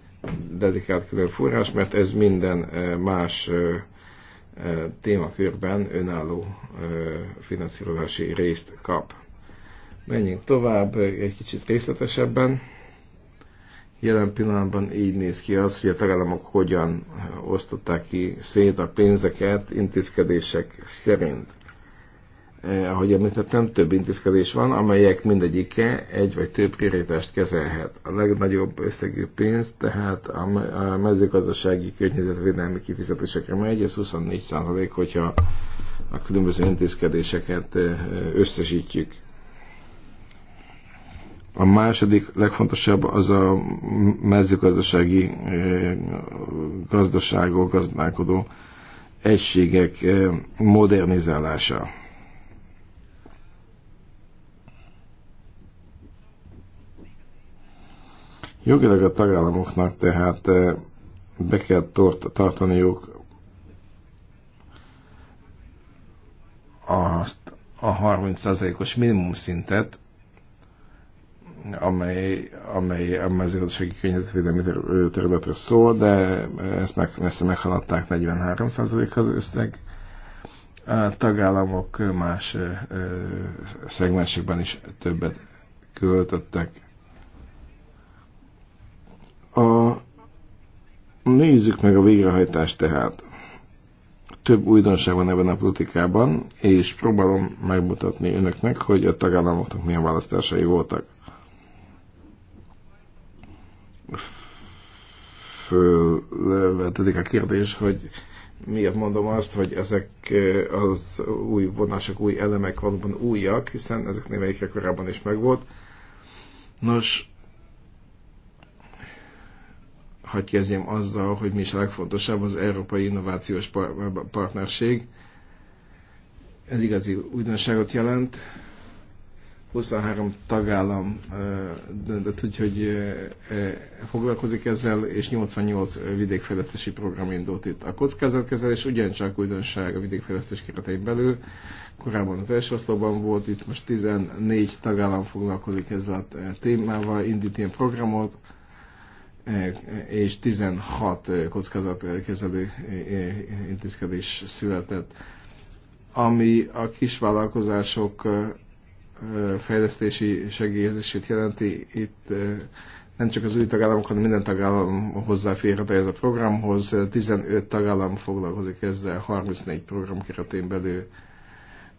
dedikált külön forrás, mert ez minden más témakörben önálló finanszírozási részt kap. Menjünk tovább egy kicsit részletesebben. Jelen pillanatban így néz ki az, hogy a tagállamok hogyan osztották ki szét a pénzeket intézkedések szerint eh, ahogy említettem, több intézkedés van, amelyek mindegyike egy vagy több kirétást kezelhet. A legnagyobb összegű pénz tehát a mezőgazdasági környezetvédelmi kifizetésekre megy, ez 24% hogyha a különböző intézkedéseket eh, összesítjük. A második legfontosabb az a mezőgazdasági eh, gazdaságok, gazdálkodó egységek eh, modernizálása. Jogilag a tagállamoknak tehát eh, be kell tort, tartaniuk azt a 30%-os minimum szintet, amely, amely a mezőgazdasági környezetvédelmi területre szól, de ezt meg, messze meghaladták 43%-az összeg. A tagállamok más szegmensekben is többet költöttek a, nézzük meg a végrehajtást tehát. Több újdonság van ebben a politikában, és próbálom megmutatni önöknek, hogy a tagállamoknak milyen választásai voltak. Fölvetedik a kérdés, hogy miért mondom azt, hogy ezek eh, az új vonások, új elemek valóban újak, hiszen ezek némelyikre korábban is megvolt. Nos, hagy kezdjem azzal, hogy mi is a legfontosabb, az Európai Innovációs Partnerség. Ez igazi újdonságot jelent. 23 tagállam döntött, hogy, hogy foglalkozik ezzel, és 88 vidékfejlesztési program indult itt. A kockázatkezelés ugyancsak újdonság a vidékfejlesztés keretein belül. Korábban az első oszlóban volt, itt most 14 tagállam foglalkozik ezzel a témával, indít ilyen programot és 16 kockázatkezelő intézkedés született, ami a kisvállalkozások fejlesztési segélyezését jelenti. Itt nem csak az új tagállamok, hanem minden tagállam hozzáférhet ez a programhoz. 15 tagállam foglalkozik ezzel 34 program keretén belül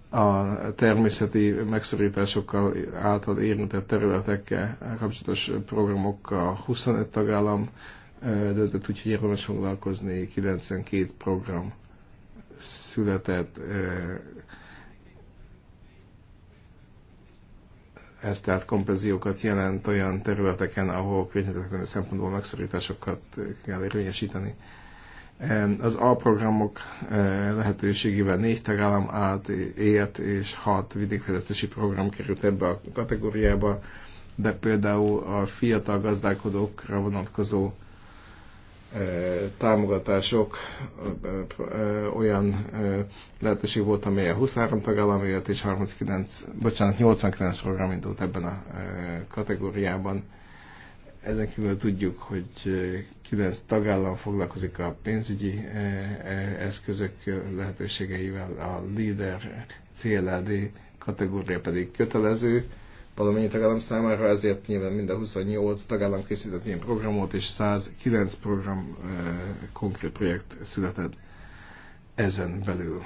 a természeti megszorításokkal által érintett területekkel kapcsolatos programokkal 25 tagállam döntött, úgyhogy érdemes foglalkozni, 92 program született. Ez tehát kompenziókat jelent olyan területeken, ahol környezetlen szempontból megszorításokat kell érvényesíteni. Az A programok eh, lehetőségével négy tagállam állt, élt és hat vidékfejlesztési program került ebbe a kategóriába, de például a fiatal gazdálkodókra vonatkozó eh, támogatások eh, olyan lehetőség volt, amely a 23 tagállam élt, és 39, bocsánat, 89 program indult ebben a kategóriában. Ezen kívül tudjuk, hogy 9 tagállam foglalkozik a pénzügyi eszközök lehetőségeivel, a LEADER, CLLD kategória pedig kötelező valamennyi tagállam számára, ezért nyilván mind a 28 tagállam készített ilyen programot, és 109 program konkrét projekt született ezen belül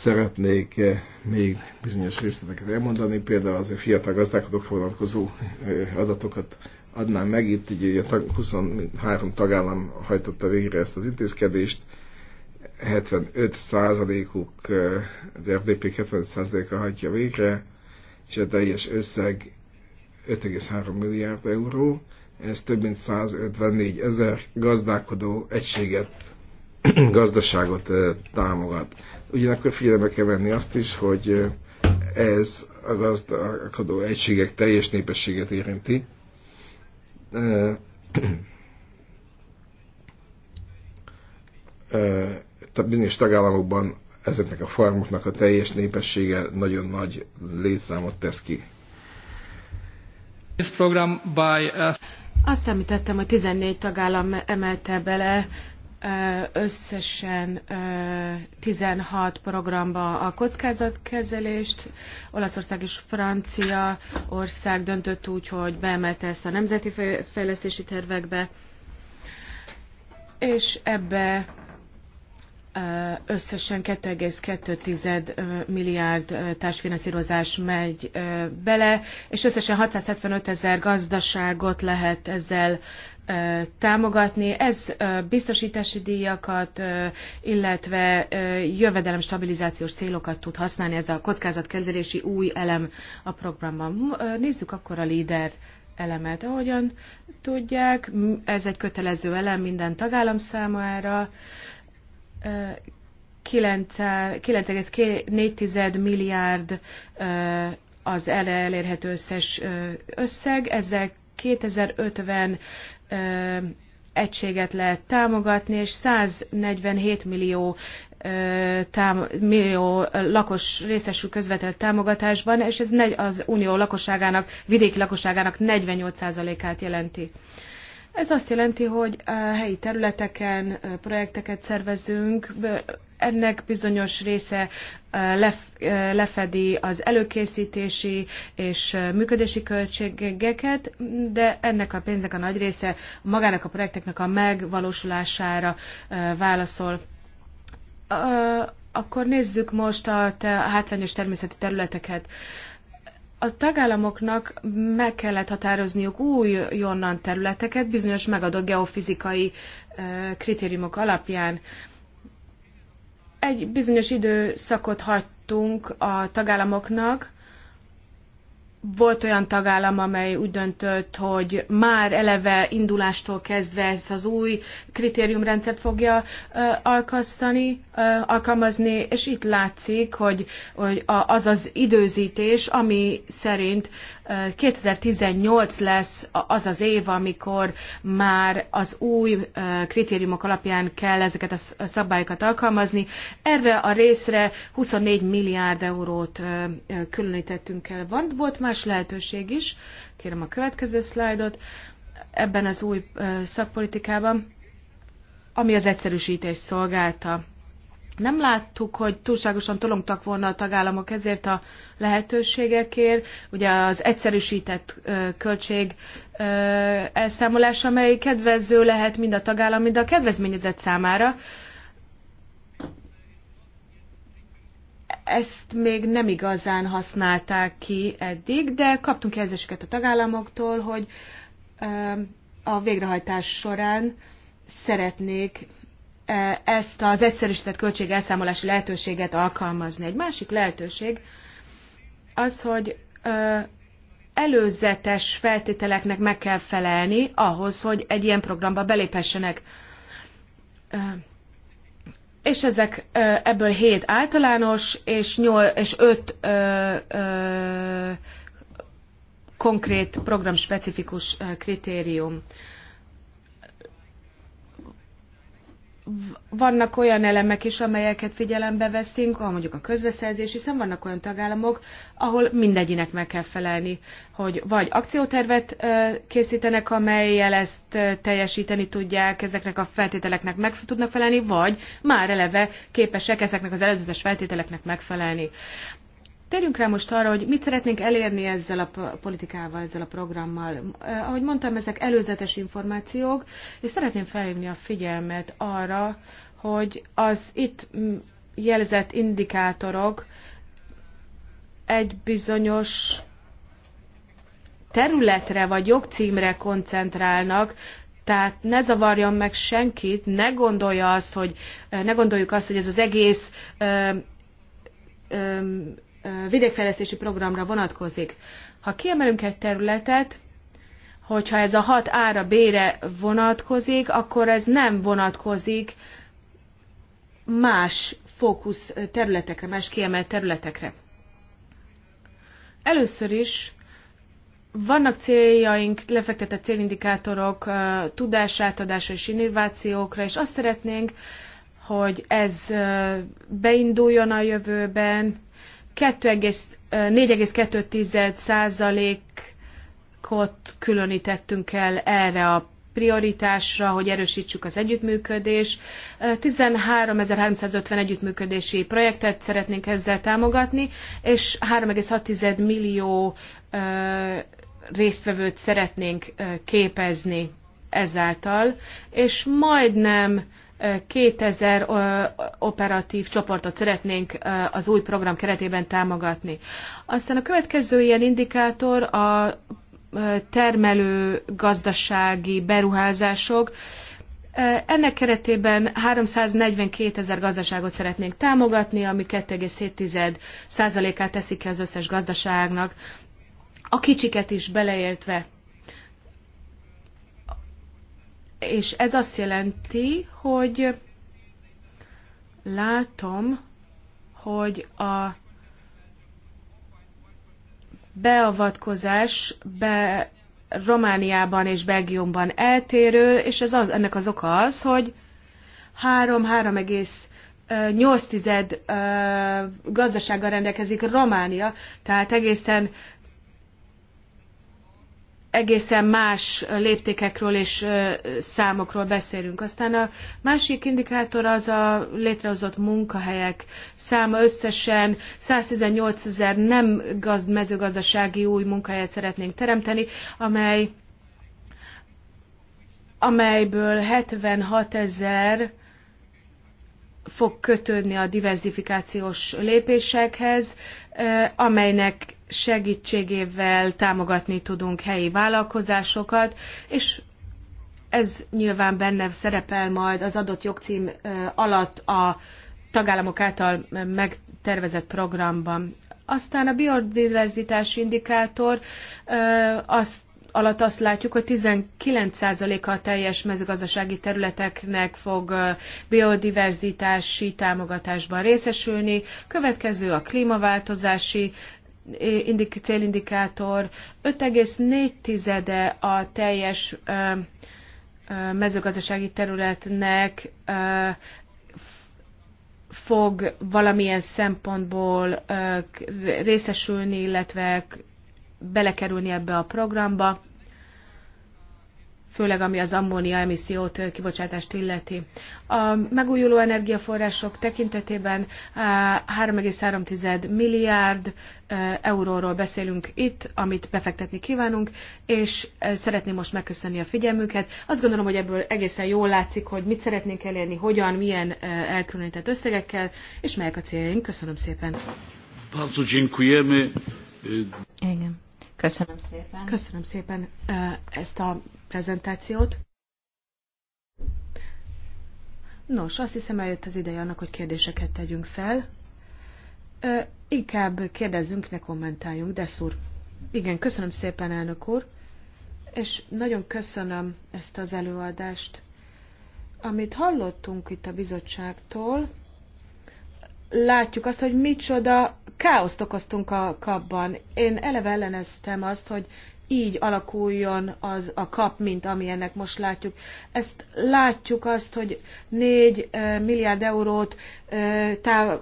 szeretnék eh, még bizonyos részleteket elmondani, például az fiatal gazdálkodókra vonatkozó eh, adatokat adnám meg. Itt ugye 23 tagállam hajtotta végre ezt az intézkedést, 75 százalékuk, eh, az FDP 75%-a hagyja végre, és a teljes összeg 5,3 milliárd euró. Ez több mint 154 ezer gazdálkodó egységet, gazdaságot támogat. Ugyanakkor figyelembe kell venni azt is, hogy eh, ez a gazdálkodó egységek teljes népességet érinti. Eh, eh, tehát bizonyos tagállamokban ezeknek a farmoknak a teljes népessége nagyon nagy létszámot tesz ki. By... Azt említettem, a 14 tagállam emelte bele összesen 16 programba a kockázatkezelést. Olaszország és Francia ország döntött úgy, hogy beemelte ezt a nemzeti fejlesztési tervekbe, és ebbe összesen 2,2 milliárd társfinanszírozás megy bele, és összesen 675 ezer gazdaságot lehet ezzel támogatni. Ez biztosítási díjakat, illetve jövedelem stabilizációs célokat tud használni, ez a kockázatkezelési új elem a programban. Hm, nézzük akkor a líder elemet. Ahogyan tudják, ez egy kötelező elem minden tagállam számára. 9,4 milliárd az elérhető összes összeg, ezzel 2050 egységet lehet támogatni, és 147 millió, tám, millió lakos részesül közvetett támogatásban, és ez az unió lakosságának, vidéki lakosságának 48%-át jelenti. Ez azt jelenti, hogy a helyi területeken projekteket szervezünk, ennek bizonyos része lefedi az előkészítési és működési költségeket, de ennek a pénznek a nagy része magának a projekteknek a megvalósulására válaszol. Akkor nézzük most a hátrányos természeti területeket a tagállamoknak meg kellett határozniuk új jonnan területeket bizonyos megadott geofizikai kritériumok alapján egy bizonyos időszakot hagytunk a tagállamoknak. Volt olyan tagállam, amely úgy döntött, hogy már eleve indulástól kezdve ezt az új kritériumrendszert fogja alkalmazni, alkalmazni, és itt látszik, hogy, hogy az az időzítés, ami szerint 2018 lesz az az év, amikor már az új kritériumok alapján kell ezeket a szabályokat alkalmazni. Erre a részre 24 milliárd eurót különítettünk el. Van, volt más lehetőség is, kérem a következő szlájdot, ebben az új szakpolitikában, ami az egyszerűsítést szolgálta nem láttuk, hogy túlságosan tolongtak volna a tagállamok ezért a lehetőségekért, ugye az egyszerűsített költség elszámolás, amely kedvező lehet mind a tagállam, mind a kedvezményezett számára. Ezt még nem igazán használták ki eddig, de kaptunk jelzéseket a tagállamoktól, hogy a végrehajtás során szeretnék E, ezt az egyszerűsített költség elszámolási lehetőséget alkalmazni. Egy másik lehetőség az, hogy előzetes feltételeknek meg kell felelni ahhoz, hogy egy ilyen programba beléphessenek. És ezek ebből hét általános, és, nyol és öt ö, ö, konkrét programspecifikus kritérium. vannak olyan elemek is, amelyeket figyelembe veszünk, ahol mondjuk a közbeszerzés, hiszen vannak olyan tagállamok, ahol mindegyinek meg kell felelni, hogy vagy akciótervet készítenek, amelyel ezt teljesíteni tudják, ezeknek a feltételeknek meg tudnak felelni, vagy már eleve képesek ezeknek az előzetes feltételeknek megfelelni. Térjünk rá most arra, hogy mit szeretnénk elérni ezzel a politikával, ezzel a programmal. Ahogy mondtam, ezek előzetes információk, és szeretném felhívni a figyelmet arra, hogy az itt jelzett indikátorok egy bizonyos területre vagy jogcímre koncentrálnak, tehát ne zavarjon meg senkit, ne gondolja azt, hogy ne gondoljuk azt, hogy ez az egész ö, ö, vidékfejlesztési programra vonatkozik. Ha kiemelünk egy területet, hogyha ez a hat ára bére vonatkozik, akkor ez nem vonatkozik más fókusz területekre, más kiemelt területekre. Először is vannak céljaink, lefektetett célindikátorok, tudásátadásra és innovációkra, és azt szeretnénk, hogy ez beinduljon a jövőben, 4,2%-ot különítettünk el erre a prioritásra, hogy erősítsük az együttműködés. 13.350 együttműködési projektet szeretnénk ezzel támogatni, és 3,6 millió résztvevőt szeretnénk képezni ezáltal, és majdnem 2000 operatív csoportot szeretnénk az új program keretében támogatni. Aztán a következő ilyen indikátor a termelő gazdasági beruházások. Ennek keretében 342 ezer gazdaságot szeretnénk támogatni, ami 2,7%-át teszik ki az összes gazdaságnak, a kicsiket is beleértve És ez azt jelenti, hogy látom, hogy a beavatkozás be Romániában és Belgiumban eltérő, és ez az, ennek az oka az, hogy 3-3,8 gazdasággal rendelkezik Románia, tehát egészen egészen más léptékekről és számokról beszélünk. Aztán a másik indikátor az a létrehozott munkahelyek száma összesen 118 ezer nem gazd mezőgazdasági új munkahelyet szeretnénk teremteni, amely amelyből 76 ezer fog kötődni a diversifikációs lépésekhez, amelynek segítségével támogatni tudunk helyi vállalkozásokat, és ez nyilván benne szerepel majd az adott jogcím alatt a tagállamok által megtervezett programban. Aztán a biodiverzitási indikátor azt alatt azt látjuk, hogy 19%-a a teljes mezőgazdasági területeknek fog biodiverzitási támogatásban részesülni. Következő a klímaváltozási célindikátor, 5,4-e a teljes mezőgazdasági területnek fog valamilyen szempontból részesülni, illetve belekerülni ebbe a programba, főleg ami az ammónia emissziót, kibocsátást illeti. A megújuló energiaforrások tekintetében 3,3 milliárd euróról beszélünk itt, amit befektetni kívánunk, és szeretném most megköszönni a figyelmüket. Azt gondolom, hogy ebből egészen jól látszik, hogy mit szeretnénk elérni, hogyan, milyen elkülönített összegekkel, és melyek a céljaink. Köszönöm szépen. Bardzo dziękujemy. Igen. Köszönöm szépen. Köszönöm szépen ezt a prezentációt. Nos, azt hiszem eljött az ideje annak, hogy kérdéseket tegyünk fel. Ö, inkább kérdezzünk, ne kommentáljunk, de szúr. Igen, köszönöm szépen, elnök úr, és nagyon köszönöm ezt az előadást, amit hallottunk itt a bizottságtól látjuk azt, hogy micsoda káoszt okoztunk a kapban. Én eleve elleneztem azt, hogy így alakuljon az a kap, mint amilyennek most látjuk. Ezt látjuk azt, hogy 4 milliárd eurót táv,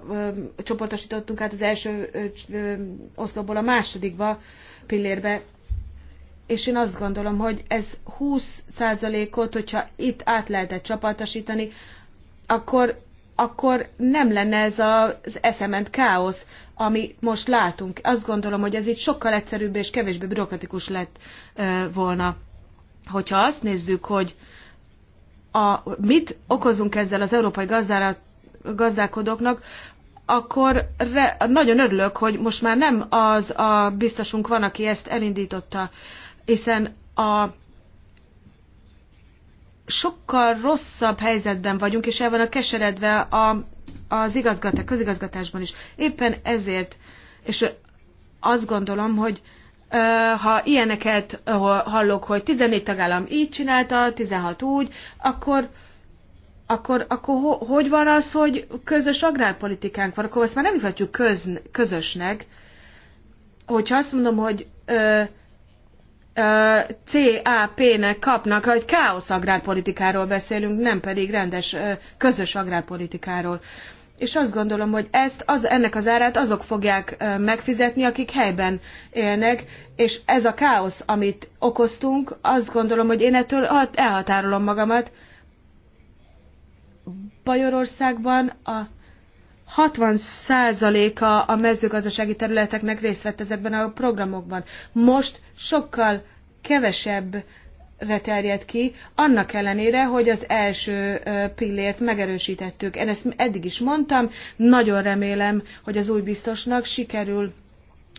csoportosítottunk át az első oszlopból a másodikba pillérbe, és én azt gondolom, hogy ez 20 ot hogyha itt át lehetett csapatosítani, akkor akkor nem lenne ez az eszement káosz, ami most látunk. Azt gondolom, hogy ez itt sokkal egyszerűbb és kevésbé bürokratikus lett volna. Hogyha azt nézzük, hogy a, mit okozunk ezzel az európai gazdára, gazdálkodóknak, akkor re, nagyon örülök, hogy most már nem az a biztosunk van, aki ezt elindította, hiszen a sokkal rosszabb helyzetben vagyunk, és el van a keseredve a, az igazgatás, közigazgatásban is. Éppen ezért, és azt gondolom, hogy ha ilyeneket hallok, hogy 14 tagállam így csinálta, 16 úgy, akkor, akkor, akkor ho, hogy van az, hogy közös agrárpolitikánk van? Akkor azt már nem hívhatjuk köz, közösnek. Hogyha azt mondom, hogy ö, CAP-nek kapnak, hogy káosz agrárpolitikáról beszélünk, nem pedig rendes közös agrárpolitikáról. És azt gondolom, hogy ezt, az, ennek az árát azok fogják megfizetni, akik helyben élnek, és ez a káosz, amit okoztunk, azt gondolom, hogy én ettől elhatárolom magamat. Bajorországban a 60%-a a mezőgazdasági területeknek részt vett ezekben a programokban. Most sokkal kevesebb terjed ki, annak ellenére, hogy az első pillért megerősítettük. Én ezt eddig is mondtam, nagyon remélem, hogy az új biztosnak sikerül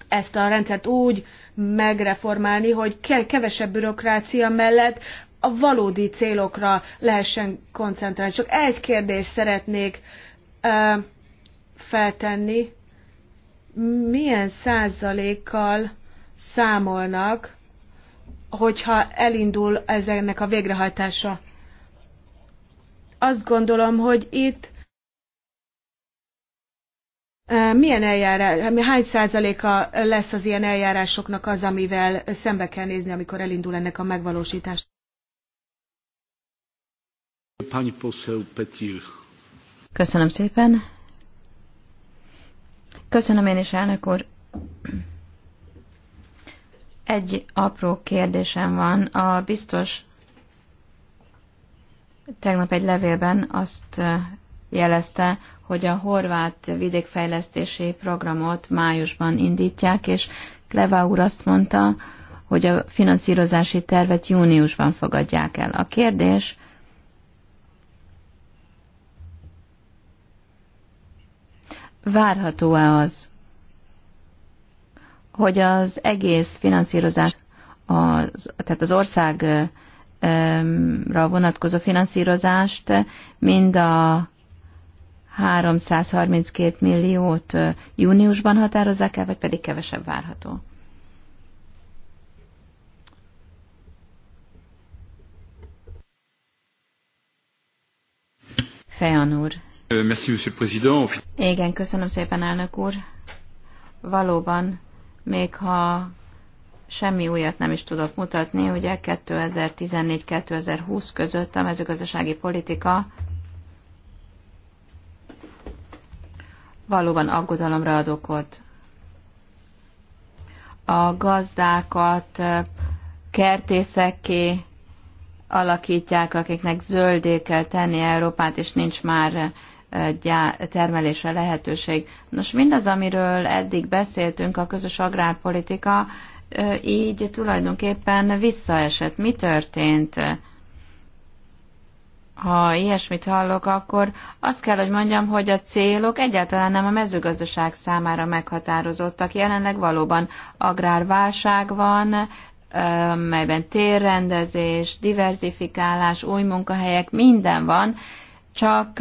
ezt a rendszert úgy megreformálni, hogy kevesebb bürokrácia mellett a valódi célokra lehessen koncentrálni. Csak egy kérdést szeretnék feltenni, milyen százalékkal számolnak, hogyha elindul ezeknek a végrehajtása. Azt gondolom, hogy itt e, milyen eljárás, hány százaléka lesz az ilyen eljárásoknak az, amivel szembe kell nézni, amikor elindul ennek a megvalósítás? Köszönöm szépen. Köszönöm én is, elnök úr. Egy apró kérdésem van. A biztos tegnap egy levélben azt jelezte, hogy a horvát vidékfejlesztési programot májusban indítják, és Kleva úr azt mondta, hogy a finanszírozási tervet júniusban fogadják el. A kérdés, várható-e az, hogy az egész finanszírozás, az, tehát az országra vonatkozó finanszírozást mind a 332 milliót júniusban határozzák el, vagy pedig kevesebb várható? Fejan úr. Euh, Igen, köszönöm szépen, elnök úr. Valóban, még ha semmi újat nem is tudok mutatni, ugye 2014-2020 között a mezőgazdasági politika valóban aggodalomra ad okot. A gazdákat kertészekké alakítják, akiknek zöldé kell tenni Európát, és nincs már termelésre lehetőség. Nos, mindaz, amiről eddig beszéltünk, a közös agrárpolitika így tulajdonképpen visszaesett. Mi történt? Ha ilyesmit hallok, akkor azt kell, hogy mondjam, hogy a célok egyáltalán nem a mezőgazdaság számára meghatározottak. Jelenleg valóban agrárválság van, melyben térrendezés, diversifikálás, új munkahelyek, minden van, csak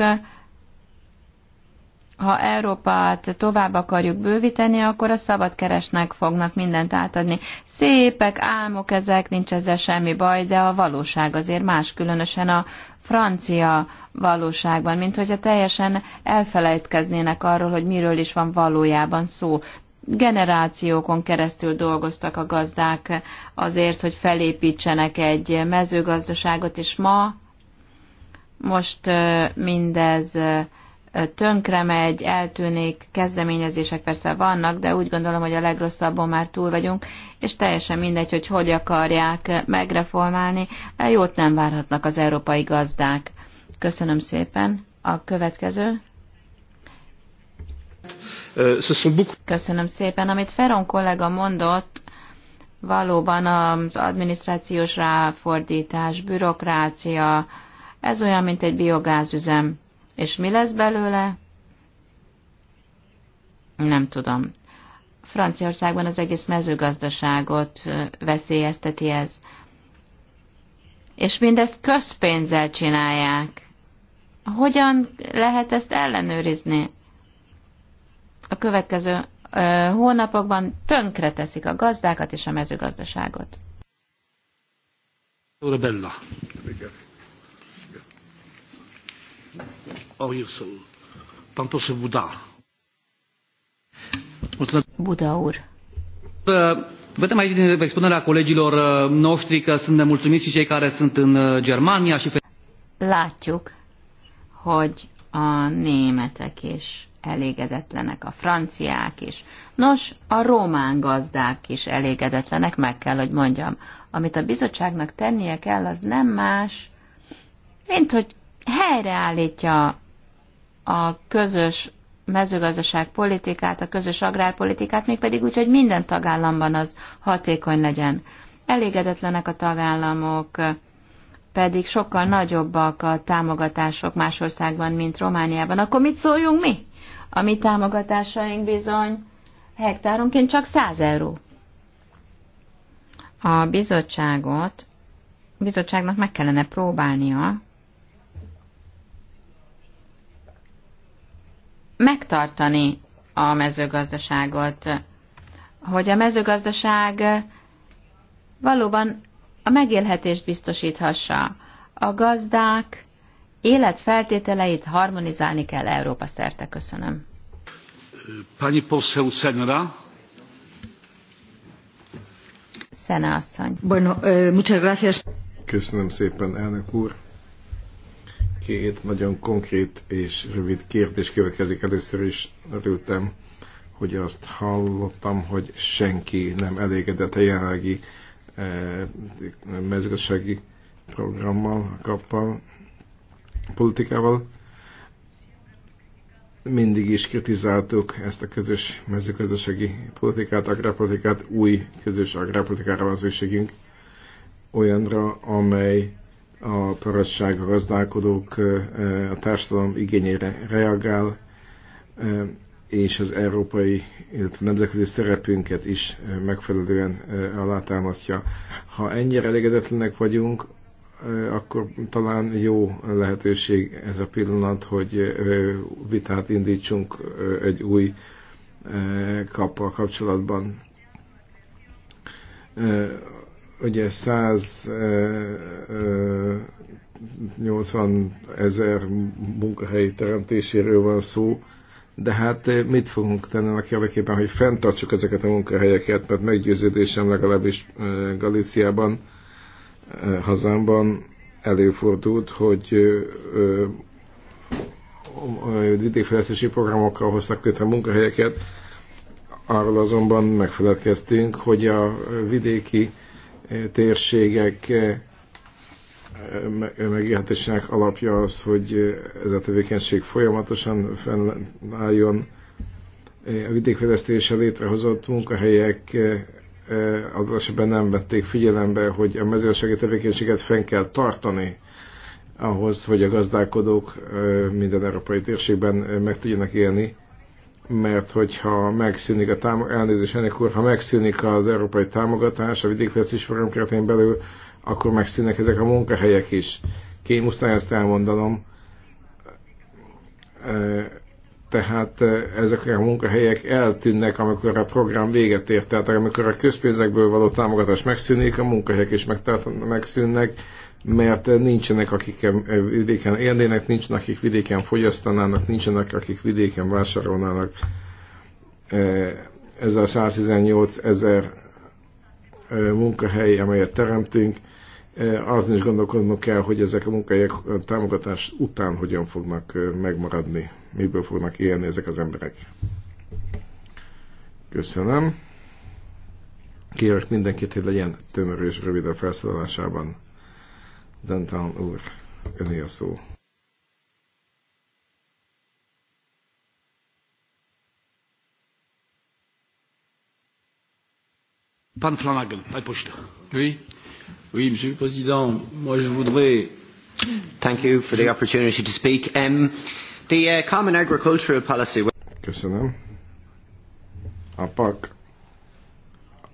ha Európát tovább akarjuk bővíteni, akkor a szabadkeresnek fognak mindent átadni. Szépek, álmok ezek, nincs ezzel semmi baj, de a valóság azért más, különösen a francia valóságban, mint hogyha teljesen elfelejtkeznének arról, hogy miről is van valójában szó. Generációkon keresztül dolgoztak a gazdák azért, hogy felépítsenek egy mezőgazdaságot, és ma most mindez tönkre megy, eltűnik, kezdeményezések persze vannak, de úgy gondolom, hogy a legrosszabbon már túl vagyunk, és teljesen mindegy, hogy hogy akarják megreformálni, e jót nem várhatnak az európai gazdák. Köszönöm szépen. A következő. Euh, Köszönöm szépen. Amit Feron kollega mondott, valóban az adminisztrációs ráfordítás, bürokrácia, ez olyan, mint egy biogázüzem és mi lesz belőle? Nem tudom. Franciaországban az egész mezőgazdaságot veszélyezteti ez. És mindezt közpénzzel csinálják. Hogyan lehet ezt ellenőrizni? A következő ö, hónapokban tönkre teszik a gazdákat és a mezőgazdaságot. Bella. Oh, o, jest. Pan poseł Buda. Buda ur. Vedem aici din expunerea colegilor uh, noștri că sunt nemulțumiți și cei care sunt în uh, Germania și... Látjuk, hogy a németek is elégedetlenek, a franciák is. Nos, a román gazdák is elégedetlenek, meg kell, hogy mondjam. Amit a bizottságnak tennie kell, az nem más, mint hogy helyreállítja a közös politikát, a közös agrárpolitikát, mégpedig úgy, hogy minden tagállamban az hatékony legyen. Elégedetlenek a tagállamok, pedig sokkal nagyobbak a támogatások más országban, mint Romániában. Akkor mit szóljunk mi? A mi támogatásaink bizony hektáronként csak 100 euró. A bizottságot, a bizottságnak meg kellene próbálnia megtartani a mezőgazdaságot, hogy a mezőgazdaság valóban a megélhetést biztosíthassa. A gazdák életfeltételeit harmonizálni kell Európa szerte. Köszönöm. Pani poseł Senra. Szene asszony. Bueno, eh, muchas gracias. Köszönöm szépen, elnök úr. Két nagyon konkrét és rövid kérdés következik. Először is örültem, hogy azt hallottam, hogy senki nem elégedett a jelenlegi eh, mezőgazdasági programmal, kappal, politikával. Mindig is kritizáltuk ezt a közös mezőgazdasági politikát, agrárpolitikát, új közös agrárpolitikára van szükségünk, olyanra, amely a parasság a gazdálkodók a társadalom igényére reagál, és az európai, illetve nemzetközi szerepünket is megfelelően alátámasztja. Ha ennyire elégedetlenek vagyunk, akkor talán jó lehetőség ez a pillanat, hogy vitát indítsunk egy új kappal kapcsolatban Ugye 180 ezer munkahelyi teremtéséről van szó, de hát mit fogunk tenni annak érdekében, hogy fenntartsuk ezeket a munkahelyeket, mert meggyőződésem legalábbis Galíciában, hazámban előfordult, hogy vidékfejlesztési programokkal hoztak létre munkahelyeket, arról azonban megfeledkeztünk, hogy a vidéki térségek eh, eh, megélhetésének alapja az, hogy eh, ez a tevékenység folyamatosan fennálljon. A vidékfejlesztése létrehozott munkahelyek az esetben nem vették figyelembe, hogy a mezőgazdasági tevékenységet fenn kell tartani ahhoz, hogy a gazdálkodók minden európai térségben meg tudjanak élni mert hogyha megszűnik a támogatás, elnézést ennek úr, ha megszűnik az európai támogatás a vidékfejlesztés program keretén belül, akkor megszűnnek ezek a munkahelyek is. Ki muszáj ezt elmondanom. Tehát ezek a munkahelyek eltűnnek, amikor a program véget ért. Tehát amikor a közpénzekből való támogatás megszűnik, a munkahelyek is megszűnnek, mert nincsenek, akik vidéken élnének, nincsenek, akik vidéken fogyasztanának, nincsenek, akik vidéken vásárolnának. Ez a 118 ezer munkahely, amelyet teremtünk, az is gondolkodnunk kell, hogy ezek a munkahelyek támogatás után hogyan fognak megmaradni, miből fognak élni ezek az emberek. Köszönöm. Kérek mindenkit, hogy legyen tömör és rövid a felszólalásában. Dantán úr, öné a szó. Pan Flanagan, nagyposta. Oui. Oui, Monsieur le Président, moi je voudrais... Thank you for the opportunity to speak. Um, the uh, Common Agricultural Policy... Köszönöm. A PAK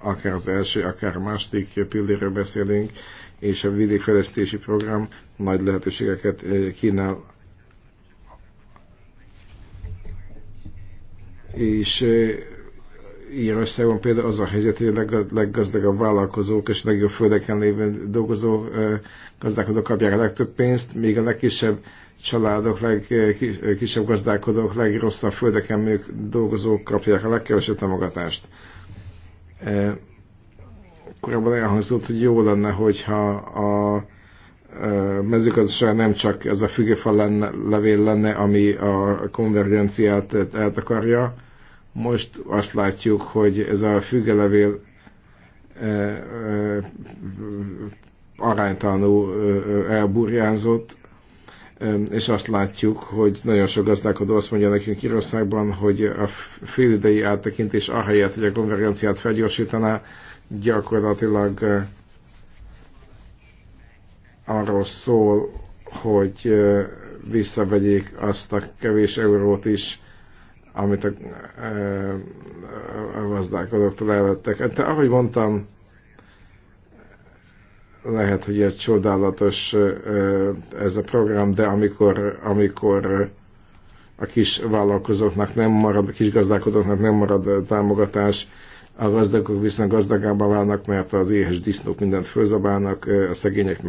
akár az első, akár a második pilléről beszélünk, és a vidékfejlesztési program nagy lehetőségeket eh, kínál. És Írországban eh, például az a helyzet, hogy a leggazdagabb vállalkozók és a legjobb földeken lévő dolgozó eh, gazdálkodók kapják a legtöbb pénzt, míg a legkisebb családok, legkisebb gazdálkodók, legrosszabb földeken dolgozók kapják a legkevesebb támogatást korábban elhangzott, hogy jó lenne, hogyha a mezőgazdaság nem csak ez a fügefa lenne, levél lenne, ami a konvergenciát eltakarja. Most azt látjuk, hogy ez a fügelevél aránytalanul elburjánzott, és azt látjuk, hogy nagyon sok gazdálkodó azt mondja nekünk Írországban, hogy a félidei áttekintés ahelyett, hogy a konvergenciát felgyorsítaná, gyakorlatilag arról szól, hogy visszavegyék azt a kevés eurót is, amit a, gazdálkodóktól elvettek. Hát, de ahogy mondtam, lehet, hogy egy csodálatos ez a program, de amikor, amikor a kis vállalkozóknak nem marad, a kis gazdálkodóknak nem marad támogatás, a gazdagok viszont gazdagabbá válnak, mert az éhes disznók mindent fölzabálnak, a szegények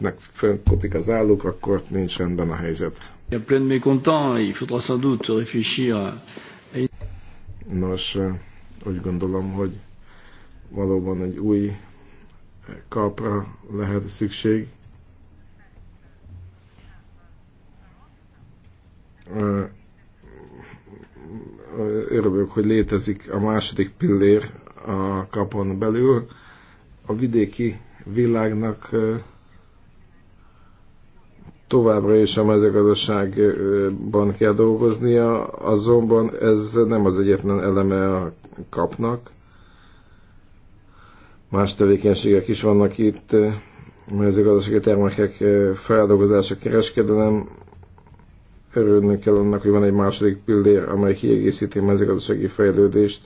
meg fönkopik az álluk, akkor nincs rendben a helyzet. Nos, úgy gondolom, hogy valóban egy új kapra lehet szükség örülök, hogy létezik a második pillér a kapon belül. A vidéki világnak továbbra is a mezőgazdaságban kell dolgoznia, azonban ez nem az egyetlen eleme a kapnak. Más tevékenységek is vannak itt, mezőgazdasági termékek feldolgozása, kereskedelem, örülni kell annak, hogy van egy második pillér, amely kiegészíti a mezőgazdasági fejlődést.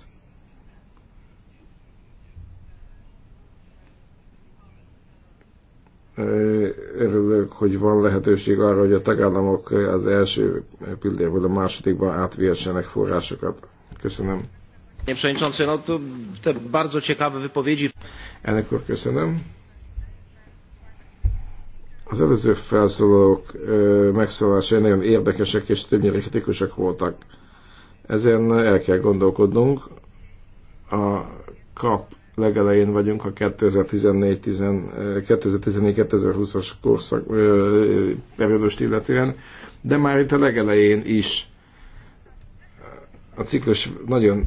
Örülök, hogy van lehetőség arra, hogy a tagállamok az első pillérből a másodikba átvihessenek forrásokat. Köszönöm. Nie Przewodniczący, no to te bardzo ciekawe wypowiedzi. Elnök úr, köszönöm. Az előző felszólalók megszólalásai nagyon érdekesek és többnyire kritikusak voltak. Ezen el kell gondolkodnunk. A kap legelején vagyunk a 2014-2020-as korszak periódust illetően, de már itt a legelején is a ciklus nagyon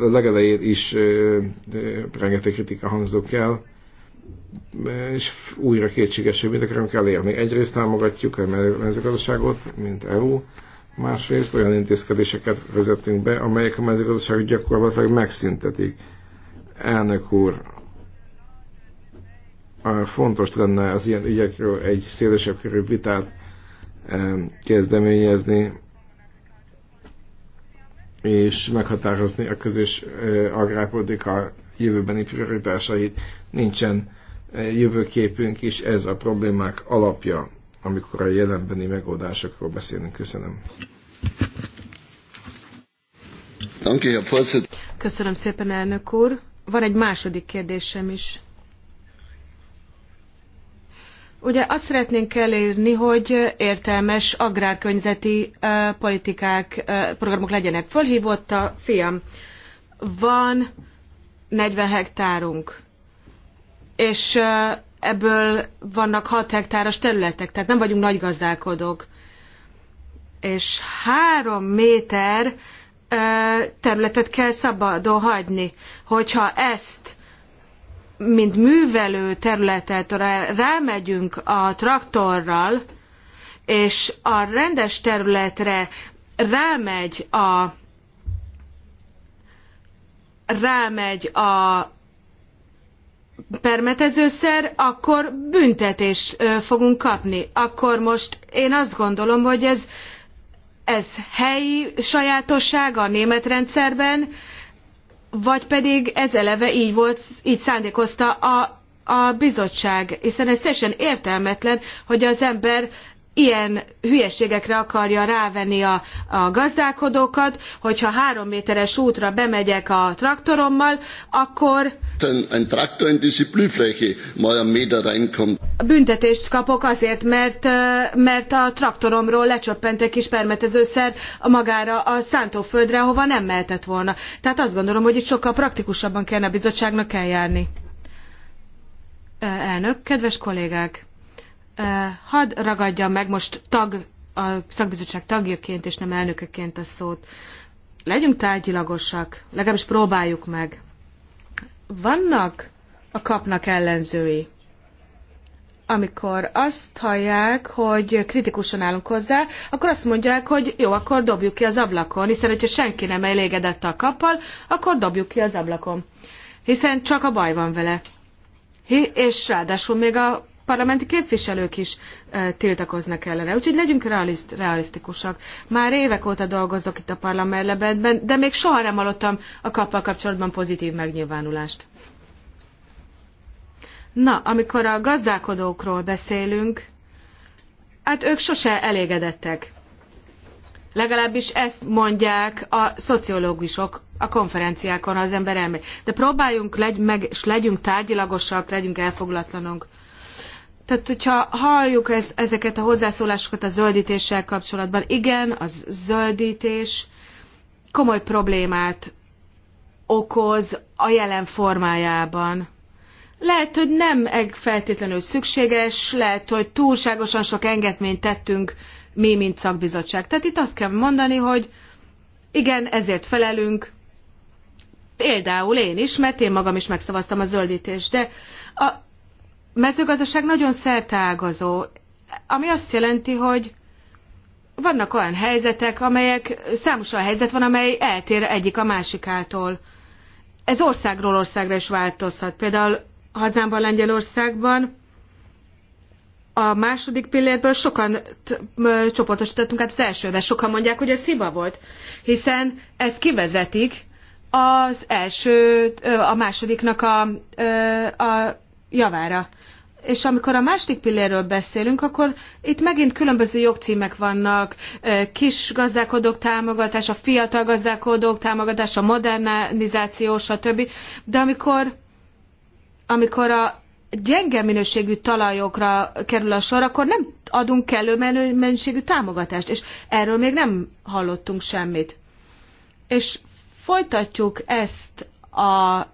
legelején is rengeteg kritika hangzók el és újra hogy mit akarunk elérni. Egyrészt támogatjuk a mezőgazdaságot, mint EU, másrészt olyan intézkedéseket vezetünk be, amelyek a mezőgazdaságot gyakorlatilag megszüntetik. Elnök úr, fontos lenne az ilyen ügyekről egy szélesebb körű vitát kezdeményezni, és meghatározni a közös agrárpolitika jövőbeni prioritásait, nincsen e, jövőképünk, is ez a problémák alapja, amikor a jelenbeni megoldásokról beszélünk. Köszönöm. Köszönöm szépen, elnök úr. Van egy második kérdésem is. Ugye azt szeretnénk elérni, hogy értelmes agrárkörnyezeti e, politikák, e, programok legyenek. Fölhívott a fiam. Van 40 hektárunk, és ebből vannak 6 hektáros területek, tehát nem vagyunk nagy gazdálkodók. És 3 méter területet kell szabadon hagyni. Hogyha ezt, mint művelő területet rámegyünk a traktorral, és a rendes területre rámegy a rámegy a permetezőszer, akkor büntetést fogunk kapni. Akkor most én azt gondolom, hogy ez, ez helyi sajátosság a német rendszerben, vagy pedig ez eleve így volt, így szándékozta a, a bizottság, hiszen ez teljesen értelmetlen, hogy az ember ilyen hülyeségekre akarja rávenni a, a gazdálkodókat, hogyha három méteres útra bemegyek a traktorommal, akkor a Traktor Büntetést kapok azért, mert, mert a traktoromról lecsöppent egy kis permetezőszer magára a szántóföldre, ahova nem mehetett volna. Tehát azt gondolom, hogy itt sokkal praktikusabban kellene a bizottságnak eljárni. Elnök, kedves kollégák! Hadd ragadja meg most tag, a szakbizottság tagjaként és nem elnökeként a szót. Legyünk tárgyilagosak, legalábbis próbáljuk meg. Vannak a kapnak ellenzői, amikor azt hallják, hogy kritikusan állunk hozzá, akkor azt mondják, hogy jó, akkor dobjuk ki az ablakon, hiszen hogyha senki nem elégedett a kappal, akkor dobjuk ki az ablakon. Hiszen csak a baj van vele. és ráadásul még a parlamenti képviselők is e, tiltakoznak ellene. Úgyhogy legyünk realiszt, realisztikusak. Már évek óta dolgozok itt a parlamentben, de még soha nem hallottam a kappal kapcsolatban pozitív megnyilvánulást. Na, amikor a gazdálkodókról beszélünk, hát ők sose elégedettek. Legalábbis ezt mondják a szociológusok a konferenciákon, ha az ember elmegy. De próbáljunk legy, meg, és legyünk tárgyilagosak, legyünk elfoglatlanok. Tehát, hogyha halljuk ezt, ezeket a hozzászólásokat a zöldítéssel kapcsolatban, igen, az zöldítés komoly problémát okoz a jelen formájában. Lehet, hogy nem feltétlenül szükséges, lehet, hogy túlságosan sok engedményt tettünk mi, mint szakbizottság. Tehát itt azt kell mondani, hogy igen, ezért felelünk, például én is, mert én magam is megszavaztam a zöldítést, de a mezőgazdaság nagyon szerteágazó, ami azt jelenti, hogy vannak olyan helyzetek, amelyek, számos olyan helyzet van, amely eltér egyik a másikától. Ez országról országra is változhat. Például hazámban, Lengyelországban a második pillérből sokan csoportosítottunk át az elsőbe. Sokan mondják, hogy ez hiba volt, hiszen ezt kivezetik az első, a másodiknak a, a javára. És amikor a második pillérről beszélünk, akkor itt megint különböző jogcímek vannak, kis gazdálkodók támogatása, fiatal gazdálkodók támogatása, modernizáció, stb. De amikor, amikor a gyenge minőségű talajokra kerül a sor, akkor nem adunk kellő mennyiségű támogatást, és erről még nem hallottunk semmit. És folytatjuk ezt a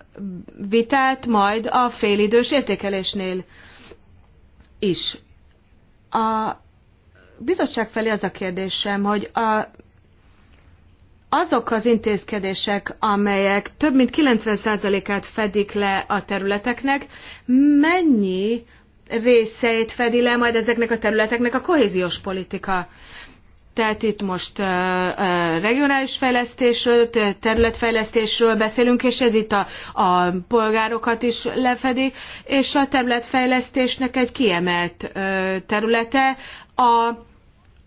vitát majd a félidős értékelésnél is. A bizottság felé az a kérdésem, hogy a, azok az intézkedések, amelyek több mint 90%-át fedik le a területeknek, mennyi részeit fedi le majd ezeknek a területeknek a kohéziós politika? Tehát itt most regionális fejlesztésről, területfejlesztésről beszélünk, és ez itt a, a polgárokat is lefedi, és a területfejlesztésnek egy kiemelt területe a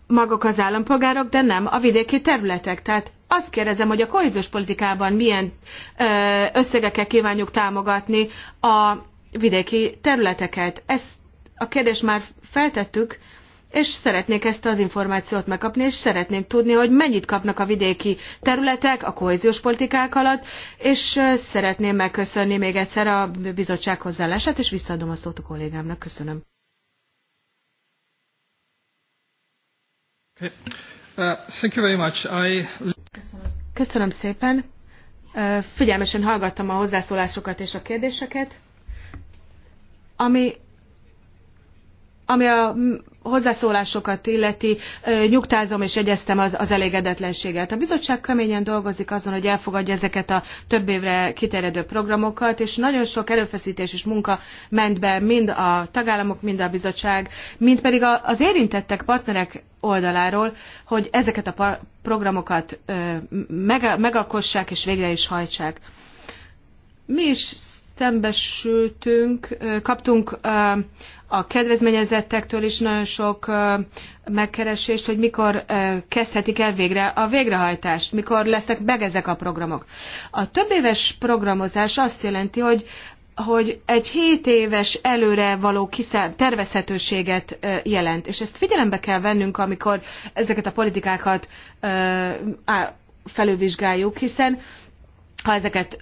maguk az állampolgárok, de nem a vidéki területek. Tehát azt kérdezem, hogy a kohéziós politikában milyen összegekkel kívánjuk támogatni a vidéki területeket. Ezt a kérdést már feltettük, és szeretnék ezt az információt megkapni, és szeretnénk tudni, hogy mennyit kapnak a vidéki területek a kohéziós politikák alatt, és szeretném megköszönni még egyszer a bizottság hozzáállását, és visszaadom a szót a kollégámnak. Köszönöm. Uh, Köszönöm. szépen. figyelmesen hallgattam a hozzászólásokat és a kérdéseket. Ami, ami a hozzászólásokat illeti, nyugtázom és egyeztem az, az elégedetlenséget. A bizottság keményen dolgozik azon, hogy elfogadja ezeket a több évre kiterjedő programokat, és nagyon sok erőfeszítés és munka ment be mind a tagállamok, mind a bizottság, mind pedig az érintettek partnerek oldaláról, hogy ezeket a programokat megalkossák és végre is hajtsák. Mi is szembesültünk, kaptunk a kedvezményezettektől is nagyon sok megkeresést, hogy mikor kezdhetik el végre a végrehajtást, mikor lesznek meg ezek a programok. A több éves programozás azt jelenti, hogy hogy egy 7 éves előre való kiszám, tervezhetőséget jelent, és ezt figyelembe kell vennünk, amikor ezeket a politikákat felülvizsgáljuk, hiszen ha ezeket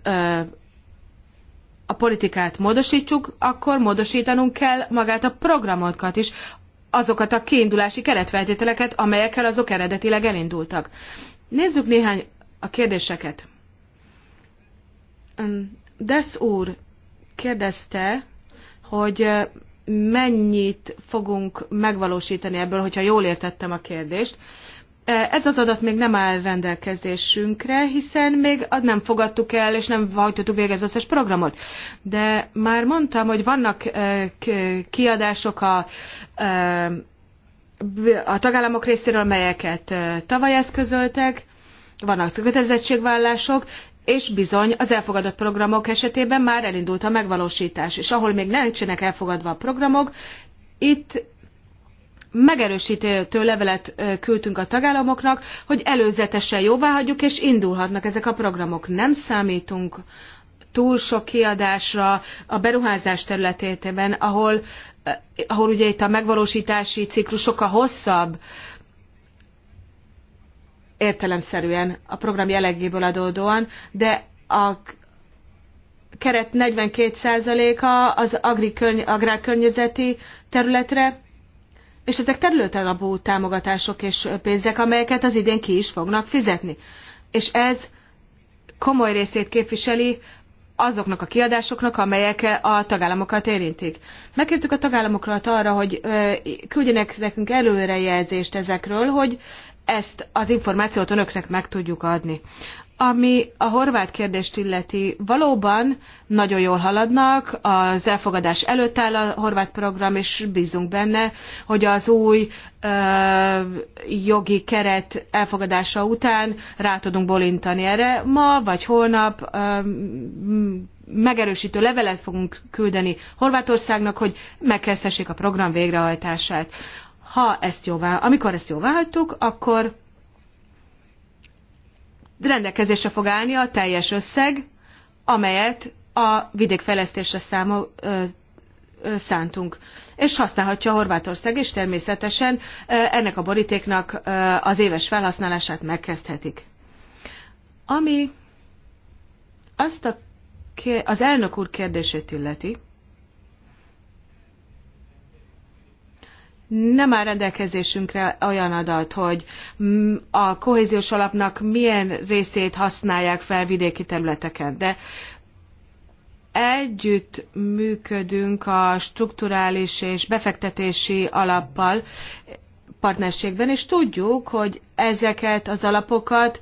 politikát módosítsuk, akkor módosítanunk kell magát a programokat is, azokat a kiindulási keretfeltételeket, amelyekkel azok eredetileg elindultak. Nézzük néhány a kérdéseket. Des úr kérdezte, hogy mennyit fogunk megvalósítani ebből, hogyha jól értettem a kérdést. Eh, ez az adat még nem áll rendelkezésünkre, hiszen még nem fogadtuk el, és nem hajtottuk végre az összes programot. De már mondtam, hogy vannak eh, kiadások a, eh, a tagállamok részéről, melyeket tavaly eszközöltek, vannak kötelezettségvállások, és bizony az elfogadott programok esetében már elindult a megvalósítás, és ahol még nincsenek elfogadva a programok, itt megerősítő levelet küldtünk a tagállamoknak, hogy előzetesen jóváhagyjuk, és indulhatnak ezek a programok. Nem számítunk túl sok kiadásra a beruházás területében, ahol, ahol ugye itt a megvalósítási ciklus sokkal hosszabb, értelemszerűen a program jellegéből adódóan, de a keret 42%-a az agrárkörnyezeti területre és ezek területalapú támogatások és pénzek, amelyeket az idén ki is fognak fizetni. És ez komoly részét képviseli azoknak a kiadásoknak, amelyek a tagállamokat érintik. Megkértük a tagállamokat arra, hogy küldjenek nekünk előrejelzést ezekről, hogy ezt az információt önöknek meg tudjuk adni. Ami a horvát kérdést illeti, valóban nagyon jól haladnak, az elfogadás előtt áll a horvát program, és bízunk benne, hogy az új ö, jogi keret elfogadása után rá tudunk bolintani erre. Ma vagy holnap ö, megerősítő levelet fogunk küldeni Horvátországnak, hogy megkezdhessék a program végrehajtását. Ha ezt jóvá, amikor ezt jóvá hagytuk, akkor rendelkezésre fog állni a teljes összeg, amelyet a vidékfejlesztésre számol, ö, ö, szántunk. És használhatja Horvátország, és természetesen ö, ennek a borítéknak ö, az éves felhasználását megkezdhetik. Ami azt a, az elnök úr kérdését illeti, nem áll rendelkezésünkre olyan adat, hogy a kohéziós alapnak milyen részét használják fel vidéki területeken, de együtt működünk a strukturális és befektetési alappal partnerségben, és tudjuk, hogy ezeket az alapokat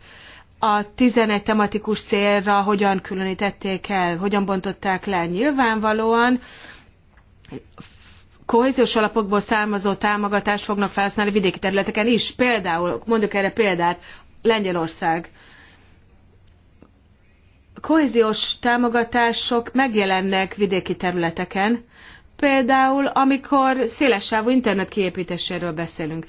a 11 tematikus célra hogyan különítették el, hogyan bontották le. Nyilvánvalóan kohéziós alapokból származó támogatást fognak felhasználni vidéki területeken is. Például, mondjuk erre példát, Lengyelország. Kohéziós támogatások megjelennek vidéki területeken, például amikor szélessávú internet kiépítéséről beszélünk.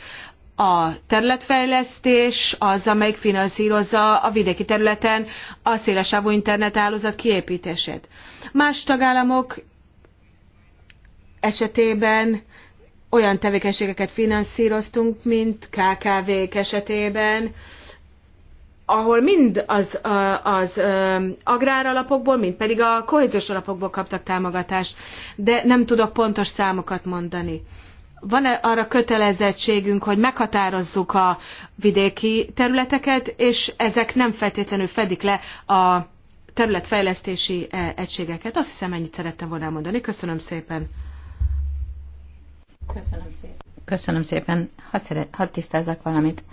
A területfejlesztés az, amelyik finanszírozza a vidéki területen a szélesávú internet hálózat kiépítését. Más tagállamok esetében olyan tevékenységeket finanszíroztunk, mint KKV-k esetében, ahol mind az, az agráralapokból, mind pedig a kohéziós alapokból kaptak támogatást, de nem tudok pontos számokat mondani. Van-e arra kötelezettségünk, hogy meghatározzuk a vidéki területeket, és ezek nem feltétlenül fedik le a területfejlesztési e, egységeket? Azt hiszem, ennyit szerettem volna mondani. Köszönöm szépen. Köszönöm szépen. Köszönöm szépen. Hadd, szeret, hadd tisztázzak valamit.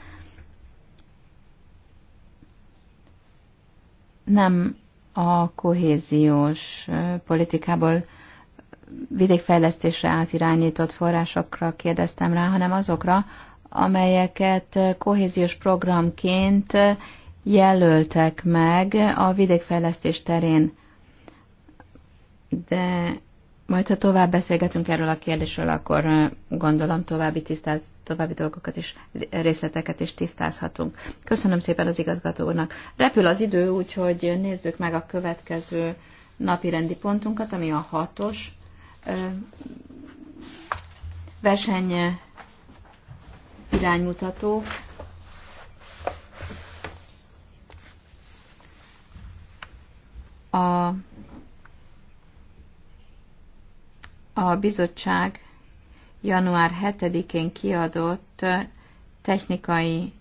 Nem a kohéziós politikából vidékfejlesztésre átirányított forrásokra kérdeztem rá, hanem azokra, amelyeket kohéziós programként jelöltek meg a vidékfejlesztés terén. De majd, ha tovább beszélgetünk erről a kérdésről, akkor gondolom további, tisztáz, további dolgokat is, részleteket is tisztázhatunk. Köszönöm szépen az igazgatónak. Repül az idő, úgyhogy nézzük meg a következő napi rendi pontunkat, ami a hatos verseny iránymutató. A a bizottság január 7-én kiadott eh, technikai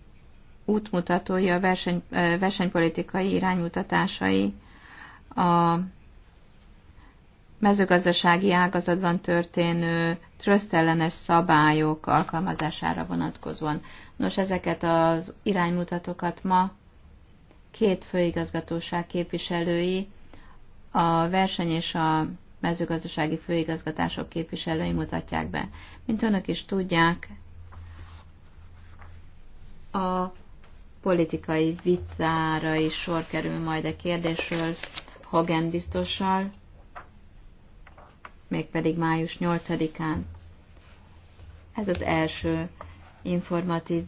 útmutatói, a verseny, eh, versenypolitikai iránymutatásai a mezőgazdasági ágazatban történő trösztellenes szabályok alkalmazására vonatkozóan. Nos, ezeket az iránymutatókat ma két főigazgatóság képviselői, a verseny és a mezőgazdasági főigazgatások képviselői mutatják be. Mint önök is tudják, a politikai vitára is sor kerül majd a e kérdésről Hogan biztossal, mégpedig május 8-án. Ez az első informatív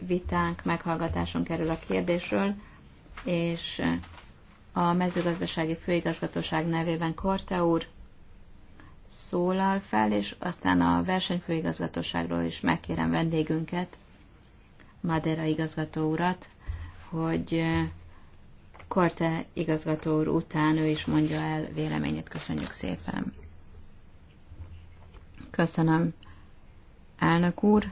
vitánk, meghallgatáson kerül a kérdésről, és a mezőgazdasági főigazgatóság nevében Korte úr szólal fel, és aztán a versenyfőigazgatóságról is megkérem vendégünket, Madera igazgató urat, hogy eh, Korte igazgató úr után ő is mondja el véleményét. Köszönjük szépen. Köszönöm, elnök úr.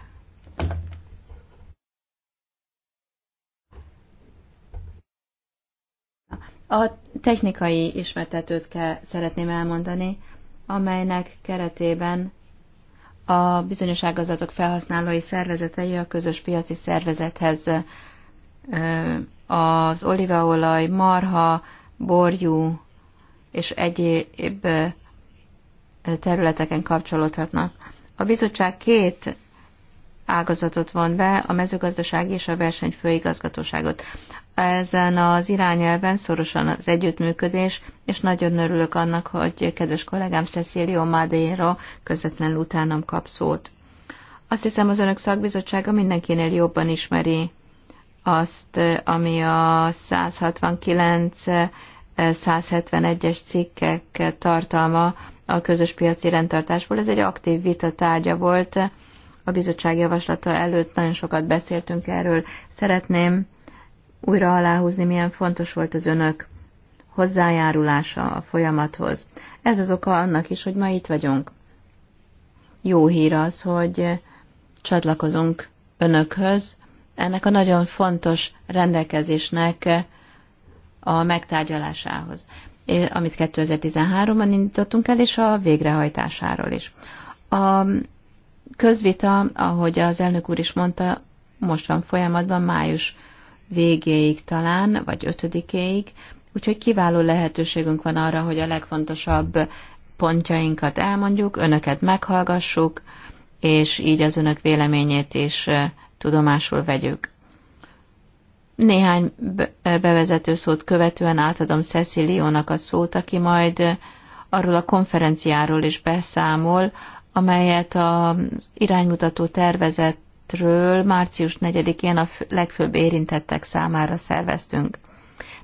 A technikai ismertetőt kell, szeretném elmondani amelynek keretében a bizonyos ágazatok felhasználói szervezetei a közös piaci szervezethez az olívaolaj, marha, borjú és egyéb területeken kapcsolódhatnak. A bizottság két ágazatot von be, a mezőgazdaság és a versenyfőigazgatóságot ezen az irányelven szorosan az együttműködés, és nagyon örülök annak, hogy kedves kollégám Cecilio Madeira közvetlenül utánam kap szót. Azt hiszem, az önök szakbizottsága mindenkinél jobban ismeri azt, ami a 169 171-es cikkek tartalma a közös piaci rendtartásból. Ez egy aktív vita tárgya volt. A bizottság javaslata előtt nagyon sokat beszéltünk erről. Szeretném újra aláhúzni, milyen fontos volt az önök hozzájárulása a folyamathoz. Ez az oka annak is, hogy ma itt vagyunk. Jó hír az, hogy csatlakozunk önökhöz, ennek a nagyon fontos rendelkezésnek a megtárgyalásához, eh, amit 2013-ban indítottunk el, és a végrehajtásáról is. A közvita, ahogy az elnök úr is mondta, most van folyamatban, május végéig talán, vagy ötödikéig, úgyhogy kiváló lehetőségünk van arra, hogy a legfontosabb pontjainkat elmondjuk, önöket meghallgassuk, és így az önök véleményét is tudomásul vegyük. Néhány bevezető szót követően átadom Cecilionak a szót, aki majd arról a konferenciáról is beszámol, amelyet az iránymutató tervezet ről március 4-én a legfőbb érintettek számára szerveztünk.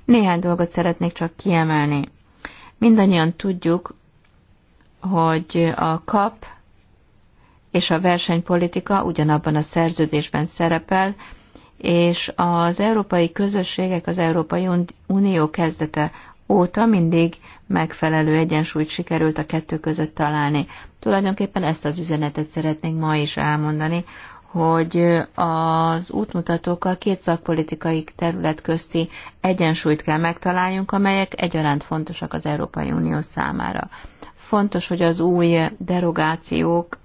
Néhány dolgot szeretnék csak kiemelni. Mindannyian tudjuk, hogy a kap és a versenypolitika ugyanabban a szerződésben szerepel, és az európai közösségek, az Európai Unió kezdete óta mindig megfelelő egyensúlyt sikerült a kettő között találni. Tulajdonképpen ezt az üzenetet szeretnénk ma is elmondani, hogy az útmutatókkal két szakpolitikai terület közti egyensúlyt kell megtaláljunk, amelyek egyaránt fontosak az Európai Unió számára. Fontos, hogy az új derogációk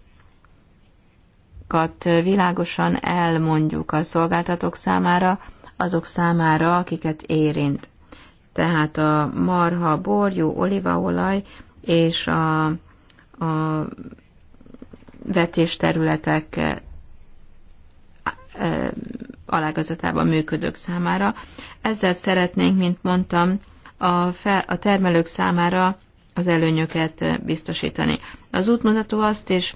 világosan elmondjuk a szolgáltatók számára, azok számára, akiket érint. Tehát a marha, borjú, olívaolaj és a, a vetésterületek alágazatában működők számára. Ezzel szeretnénk, mint mondtam, a, fel, a termelők számára az előnyöket eh, biztosítani. Az útmutató azt is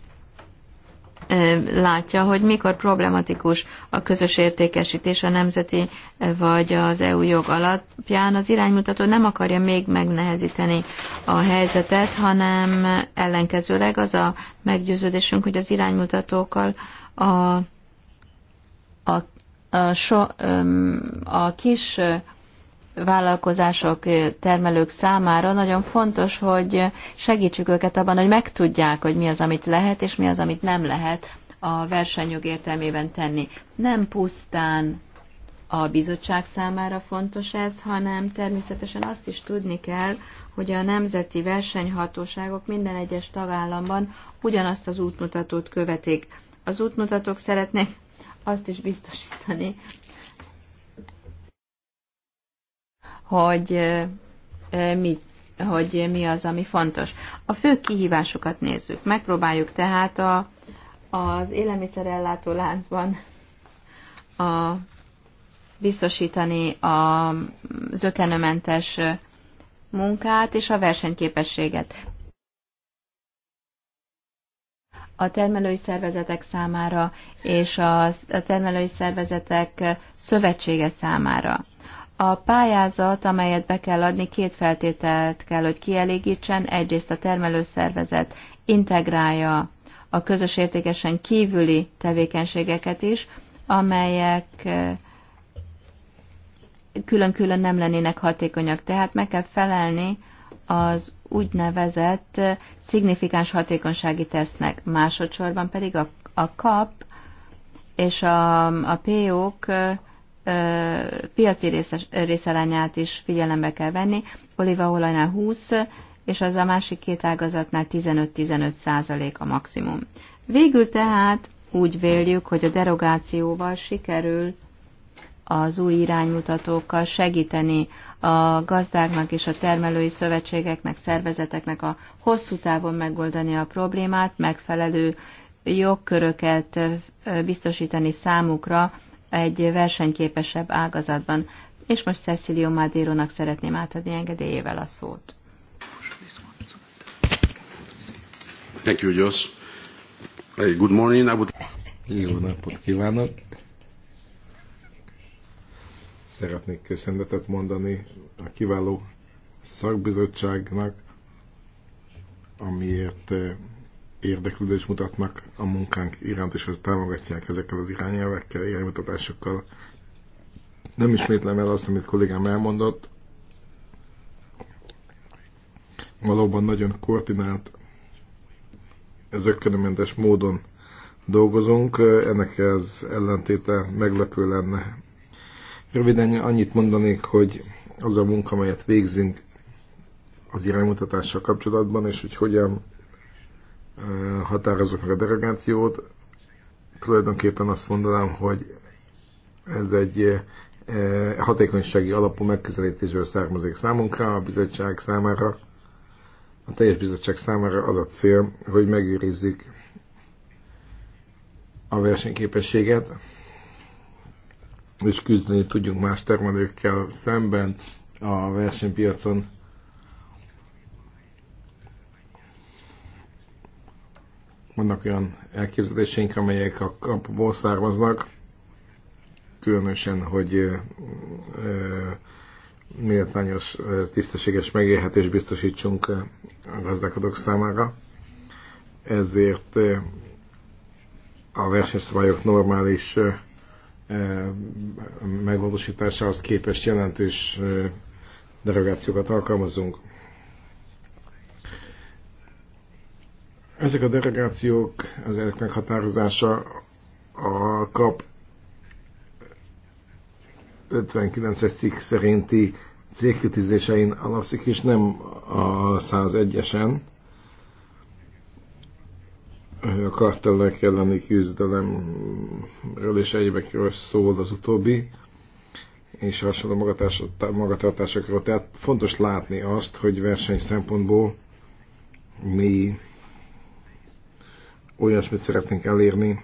eh, látja, hogy mikor problematikus a közös értékesítés a nemzeti eh, vagy az EU jog alapján. Az iránymutató nem akarja még megnehezíteni a helyzetet, hanem ellenkezőleg az a meggyőződésünk, hogy az iránymutatókkal a a, so, a kis vállalkozások, termelők számára nagyon fontos, hogy segítsük őket abban, hogy megtudják, hogy mi az, amit lehet, és mi az, amit nem lehet a versenyjog értelmében tenni. Nem pusztán a bizottság számára fontos ez, hanem természetesen azt is tudni kell, hogy a nemzeti versenyhatóságok minden egyes tagállamban ugyanazt az útmutatót követik. Az útmutatók szeretnék azt is biztosítani, hogy mi, hogy mi az, ami fontos. A fő kihívásokat nézzük. Megpróbáljuk tehát a, az élelmiszerellátó láncban a, biztosítani a zökenőmentes munkát és a versenyképességet. a termelői szervezetek számára és a termelői szervezetek szövetsége számára. A pályázat, amelyet be kell adni, két feltételt kell, hogy kielégítsen. Egyrészt a termelőszervezet integrálja a közös értékesen kívüli tevékenységeket is, amelyek eh, külön-külön nem lennének hatékonyak. Tehát meg kell felelni az úgynevezett szignifikáns hatékonysági tesznek, másodszorban pedig a, a kap és a, a PO-k piaci részelányát részarányát is figyelembe kell venni. Olívaolajnál 20, és az a másik két ágazatnál 15-15 százalék -15 a maximum. Végül tehát úgy véljük, hogy a derogációval sikerül az új iránymutatókkal segíteni a gazdáknak és a termelői szövetségeknek, szervezeteknek a hosszú távon megoldani a problémát, megfelelő jogköröket biztosítani számukra egy versenyképesebb ágazatban. És most Cecilio Madérónak szeretném átadni engedélyével a szót. Thank you, Jos. Hey, good morning. I would... Jó napot kívánok! Szeretnék köszönetet mondani a kiváló szakbizottságnak, amiért eh, érdeklődést mutatnak a munkánk iránt, és ezt támogatják ezekkel az irányelvekkel, iránymutatásokkal. Nem ismétlem el azt, amit kollégám elmondott. Valóban nagyon koordinált, zöggenőmentes módon dolgozunk. Ennek az ellentéte meglepő lenne Röviden annyit mondanék, hogy az a munka, amelyet végzünk az iránymutatással kapcsolatban, és hogy hogyan határozok meg a delegációt, tulajdonképpen azt mondanám, hogy ez egy hatékonysági alapú megközelítésből származik számunkra, a bizottság számára, a teljes bizottság számára az a cél, hogy megőrizzük a versenyképességet, és küzdeni tudjunk más termelőkkel szemben a versenypiacon. Vannak olyan elképzeléseink, amelyek a kapból származnak, különösen, hogy ö, ö, méltányos, tisztességes megélhetést biztosítsunk a gazdálkodók számára. Ezért a versenyszabályok normális megvalósításához képest jelentős derogációkat alkalmazunk. Ezek a derogációk, az ezek meghatározása a kap 59-es cikk szerinti célkritizésein alapszik, és nem a 101-esen a kartellek elleni küzdelemről és egyébekről szól az utóbbi, és hasonló magatartásokról. Tehát fontos látni azt, hogy verseny szempontból mi olyasmit szeretnénk elérni,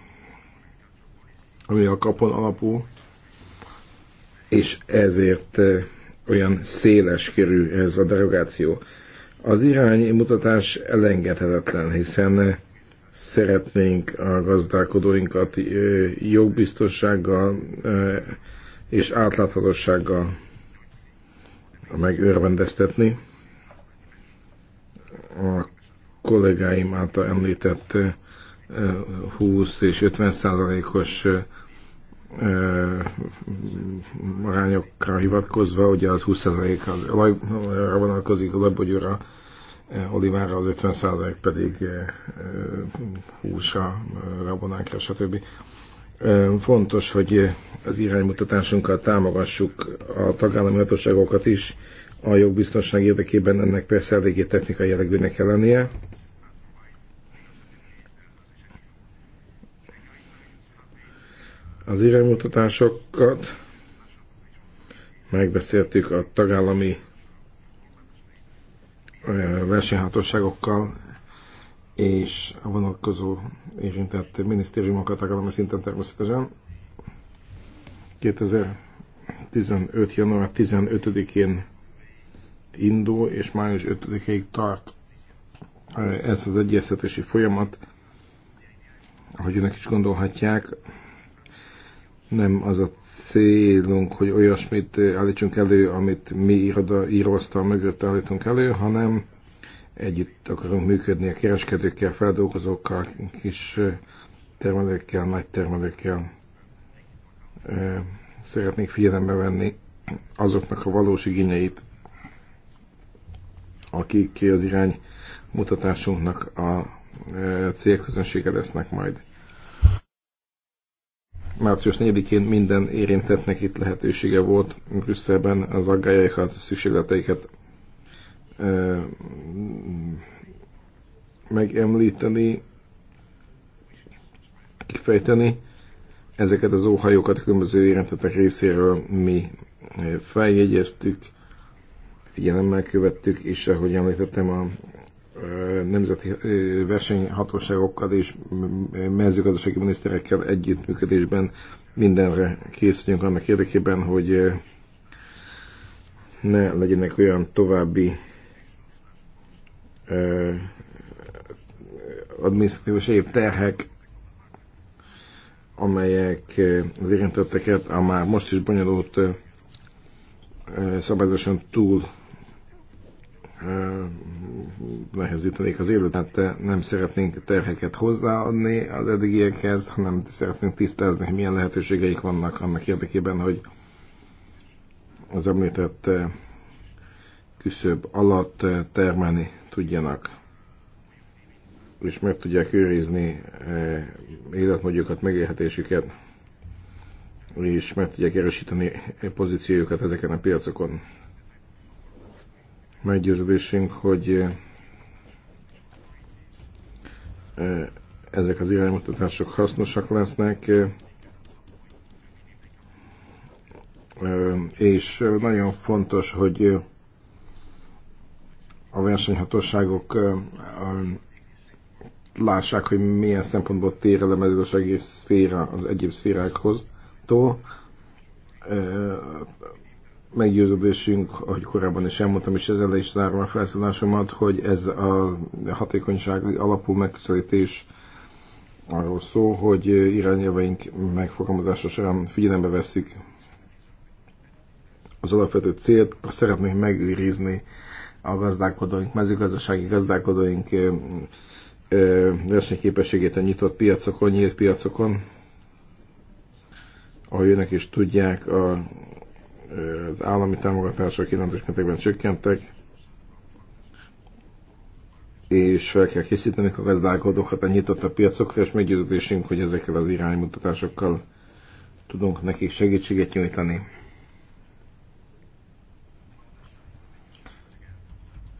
ami a kapon alapú, és ezért eh, olyan széles körű ez a derogáció. Az iránymutatás elengedhetetlen, hiszen eh, szeretnénk a gazdálkodóinkat jogbiztonsággal és átláthatósággal megőrvendeztetni. A kollégáim által említett 20 és 50 százalékos arányokra hivatkozva, ugye az 20 százalékra vonatkozik a labbogyóra, olivánra, az 50% pedig eh, eh, húsra, eh, rabonákra, stb. Fontos, hogy az iránymutatásunkkal támogassuk a tagállami hatóságokat is, a jogbiztonság érdekében ennek persze eléggé technikai jellegűnek kell lennie. Az iránymutatásokat megbeszéltük a tagállami versenyhatóságokkal és a vonatkozó érintett minisztériumokat állami szinten természetesen. 2015. január 15-én indul, és május 5-ig tart ez az egyeztetési folyamat. Ahogy önök is gondolhatják, nem az a célunk, hogy olyasmit eh, állítsunk elő, amit mi iroda, íróasztal mögött állítunk elő, hanem együtt akarunk működni a kereskedőkkel, feldolgozókkal, kis eh, termelőkkel, nagy termelőkkel. Eh, szeretnék figyelembe venni azoknak a valós igényeit, akik az irány mutatásunknak a célközönsége lesznek majd március 4-én minden érintettnek itt lehetősége volt Brüsszelben az aggájaikat, szükségleteiket e, megemlíteni, kifejteni. Ezeket az óhajókat különböző érintettek részéről mi feljegyeztük, figyelemmel követtük, és ahogy említettem, a nemzeti versenyhatóságokkal és mezőgazdasági miniszterekkel együttműködésben mindenre készüljünk annak érdekében, hogy ne legyenek olyan további és egyéb terhek, amelyek az érintetteket a már most is bonyolult szabályozáson túl nehezítenék az életet, hát, eh, nem szeretnénk terheket hozzáadni az eddigiekhez, hanem szeretnénk tisztázni, hogy milyen lehetőségeik vannak annak érdekében, hogy az említett eh, küszöb alatt eh, termelni tudjanak, és meg tudják őrizni életmódjukat, megélhetésüket, és meg tudják erősíteni pozíciójukat ezeken a piacokon meggyőződésünk, hogy ezek az iránymutatások hasznosak lesznek, és nagyon fontos, hogy a versenyhatóságok lássák, hogy milyen szempontból tér el a egész szféra az egyéb szférákhoz, meggyőződésünk, ahogy korábban is elmondtam, és ezzel le is zárom a felszólásomat, hogy ez a hatékonyság alapú megközelítés arról szó, hogy irányelveink megfogalmazása során figyelembe veszik az alapvető célt, szeretnénk megőrizni a gazdálkodóink, mezőgazdasági gazdálkodóink versenyképességét a nyitott piacokon, nyílt piacokon, ahogy önök is tudják, a az állami támogatások jelentős mértékben csökkentek, és fel kell készíteni a gazdálkodókat a nyitott a piacokra, és meggyőződésünk, hogy ezekkel az iránymutatásokkal tudunk nekik segítséget nyújtani.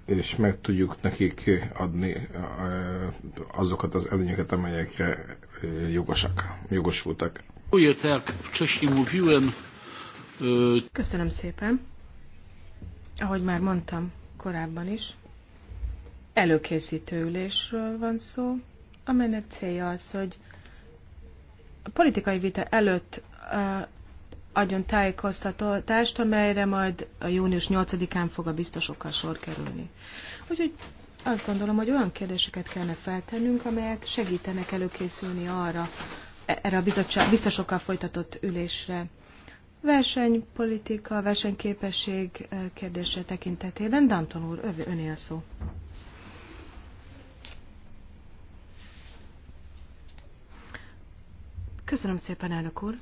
és meg tudjuk nekik adni eh, azokat az előnyöket, amelyekre eh, jogosak, jogosultak. Dziękuję, tak jak wcześniej Köszönöm szépen. Ahogy már mondtam korábban is, előkészítő ülésről van szó, amelynek célja az, hogy a politikai vita előtt adjon tájékoztatást, amelyre majd a június 8-án fog a biztosokkal sor kerülni. Úgyhogy azt gondolom, hogy olyan kérdéseket kellene feltennünk, amelyek segítenek előkészülni arra, erre a biztosokkal folytatott ülésre versenypolitika, versenyképesség eh, kérdése tekintetében. Danton úr, önél szó. Köszönöm szépen, elnök úr.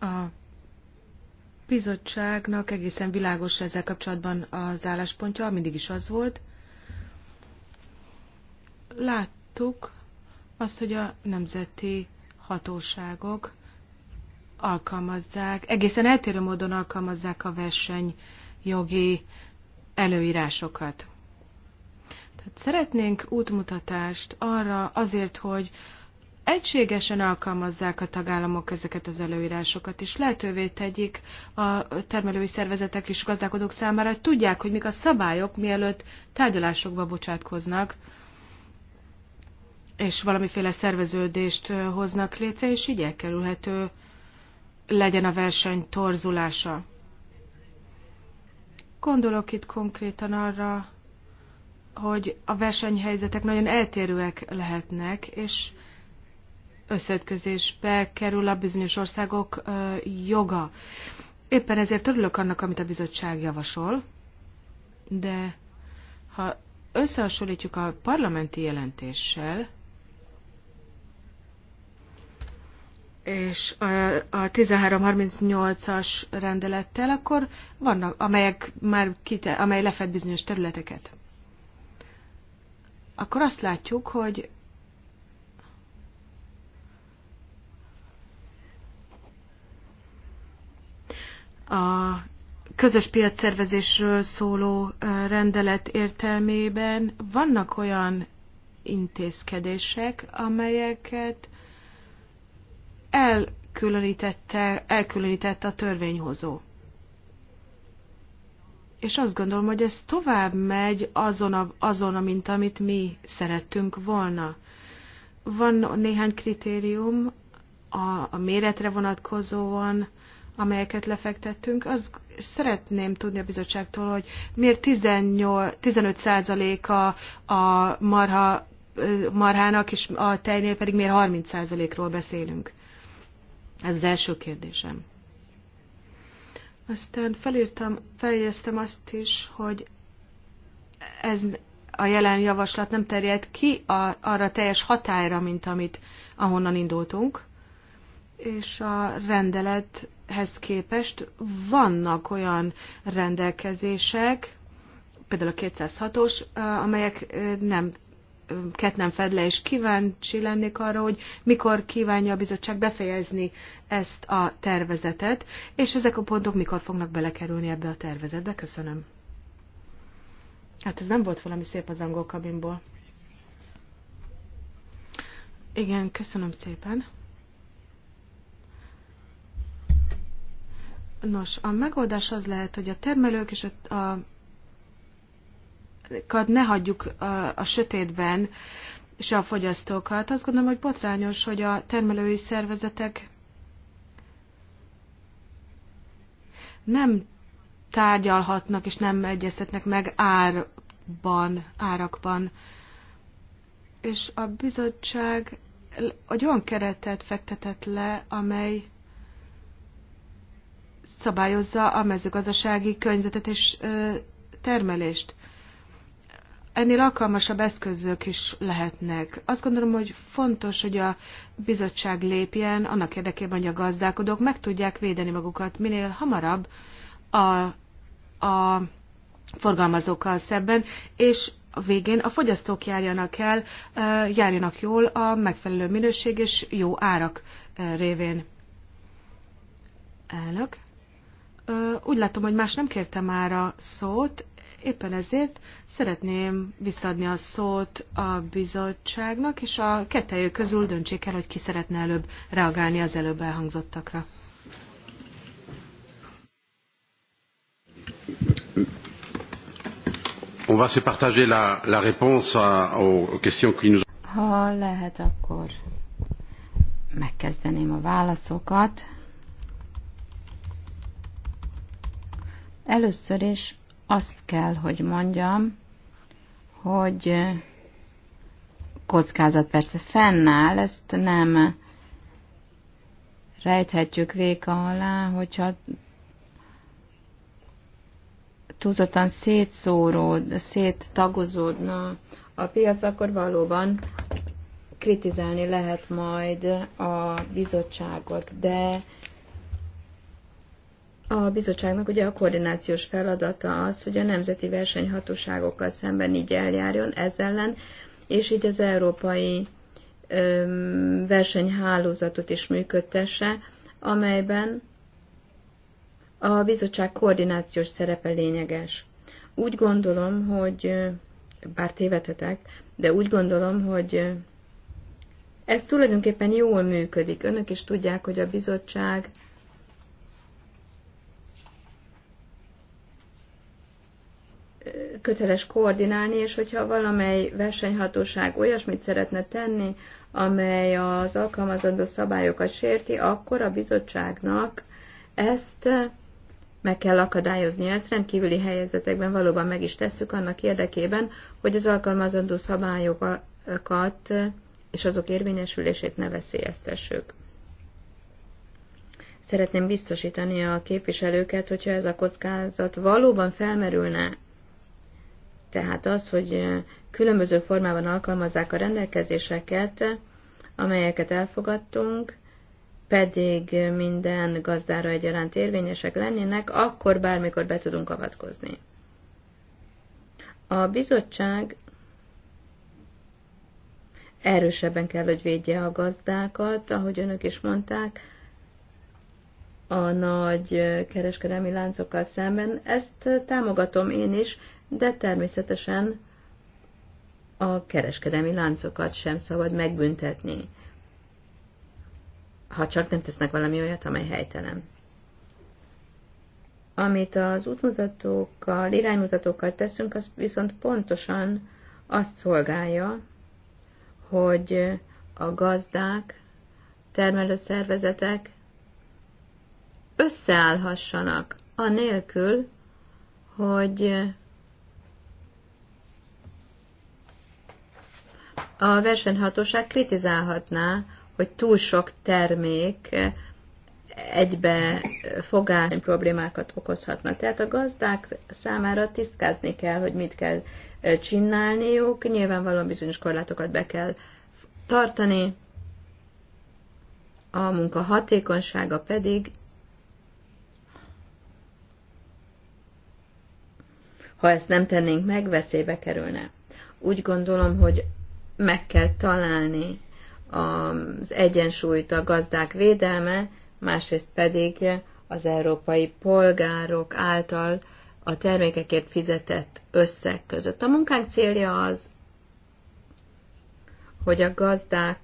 A bizottságnak egészen világos ezzel kapcsolatban az álláspontja, mindig is az volt, láttuk azt, hogy a nemzeti hatóságok alkalmazzák, egészen eltérő módon alkalmazzák a versenyjogi előírásokat. Tehát szeretnénk útmutatást arra azért, hogy egységesen alkalmazzák a tagállamok ezeket az előírásokat, és lehetővé tegyik a termelői szervezetek és gazdálkodók számára, hogy tudják, hogy mik a szabályok, mielőtt tárgyalásokba bocsátkoznak és valamiféle szerveződést hoznak létre, és így elkerülhető legyen a verseny torzulása. Gondolok itt konkrétan arra, hogy a versenyhelyzetek nagyon eltérőek lehetnek, és összetközésbe kerül a bizonyos országok joga. Éppen ezért örülök annak, amit a bizottság javasol, de ha összehasonlítjuk a parlamenti jelentéssel, és a 1338-as rendelettel, akkor vannak, amelyek már kite, amely lefed bizonyos területeket. Akkor azt látjuk, hogy a közös piacszervezésről szóló rendelet értelmében vannak olyan intézkedések, amelyeket elkülönítette, elkülönítette a törvényhozó. És azt gondolom, hogy ez tovább megy azon, a, azon, a, mint amit mi szerettünk volna. Van néhány kritérium a, a méretre vonatkozóan, amelyeket lefektettünk. Azt szeretném tudni a bizottságtól, hogy miért 18, 15%-a a marha, marhának, és a tejnél pedig miért 30%-ról beszélünk. Ez az első kérdésem. Aztán felírtam, feljegyeztem azt is, hogy ez a jelen javaslat nem terjed ki a, arra teljes hatályra, mint amit ahonnan indultunk, és a rendelethez képest vannak olyan rendelkezések, például a 206-os, eh, amelyek eh, nem ket nem fed le, és kíváncsi lennék arra, hogy mikor kívánja a bizottság befejezni ezt a tervezetet, és ezek a pontok mikor fognak belekerülni ebbe a tervezetbe. Köszönöm. Hát ez nem volt valami szép az angol kabinból. Igen, köszönöm szépen. Nos, a megoldás az lehet, hogy a termelők és a, a ne hagyjuk a, a sötétben, se a fogyasztókat. Azt gondolom, hogy botrányos, hogy a termelői szervezetek nem tárgyalhatnak és nem egyeztetnek meg árban, árakban. És a bizottság egy olyan keretet fektetett le, amely szabályozza a mezőgazdasági környezetet és termelést ennél alkalmasabb eszközök is lehetnek. Azt gondolom, hogy fontos, hogy a bizottság lépjen annak érdekében, hogy a gazdálkodók meg tudják védeni magukat minél hamarabb a, a forgalmazókkal szemben, és a végén a fogyasztók járjanak el, járjanak jól a megfelelő minőség és jó árak révén. Elnök. Úgy látom, hogy más nem kérte már a szót, Éppen ezért szeretném visszadni a szót a bizottságnak, és a kettejük közül döntsék el, hogy ki szeretne előbb reagálni az előbb elhangzottakra. On va se partager la, la réponse à, aux questions qui nous Ha lehet, akkor megkezdeném a válaszokat. Először is azt kell, hogy mondjam, hogy kockázat persze fennáll, ezt nem rejthetjük véka alá, hogyha túlzottan szétszóród, széttagozódna a piac, akkor valóban kritizálni lehet majd a bizottságot, de a bizottságnak ugye a koordinációs feladata az, hogy a nemzeti versenyhatóságokkal szemben így eljárjon ez ellen, és így az európai versenyhálózatot is működtesse, amelyben a bizottság koordinációs szerepe lényeges. Úgy gondolom, hogy, bár tévedhetek, de úgy gondolom, hogy ez tulajdonképpen jól működik. Önök is tudják, hogy a bizottság köteles koordinálni, és hogyha valamely versenyhatóság olyasmit szeretne tenni, amely az alkalmazandó szabályokat sérti, akkor a bizottságnak ezt meg kell akadályozni. Ezt rendkívüli helyzetekben valóban meg is tesszük annak érdekében, hogy az alkalmazandó szabályokat és azok érvényesülését ne veszélyeztessük. Szeretném biztosítani a képviselőket, hogyha ez a kockázat valóban felmerülne tehát az, hogy különböző formában alkalmazzák a rendelkezéseket, amelyeket elfogadtunk, pedig minden gazdára egyaránt érvényesek lennének, akkor bármikor be tudunk avatkozni. A bizottság erősebben kell, hogy védje a gazdákat, ahogy önök is mondták, a nagy kereskedelmi láncokkal szemben. Ezt támogatom én is, de természetesen a kereskedelmi láncokat sem szabad megbüntetni, ha csak nem tesznek valami olyat, amely helytelen. Amit az útmutatókkal, iránymutatókkal teszünk, az viszont pontosan azt szolgálja, hogy a gazdák, termelőszervezetek összeállhassanak, anélkül, hogy a versenyhatóság kritizálhatná, hogy túl sok termék egybe fogány problémákat okozhatna. Tehát a gazdák számára tisztázni kell, hogy mit kell csinálniuk, nyilvánvalóan bizonyos korlátokat be kell tartani, a munka hatékonysága pedig, ha ezt nem tennénk meg, veszélybe kerülne. Úgy gondolom, hogy meg kell találni az egyensúlyt a gazdák védelme, másrészt pedig az európai polgárok által a termékekért fizetett összeg között. A munkánk célja az, hogy a gazdák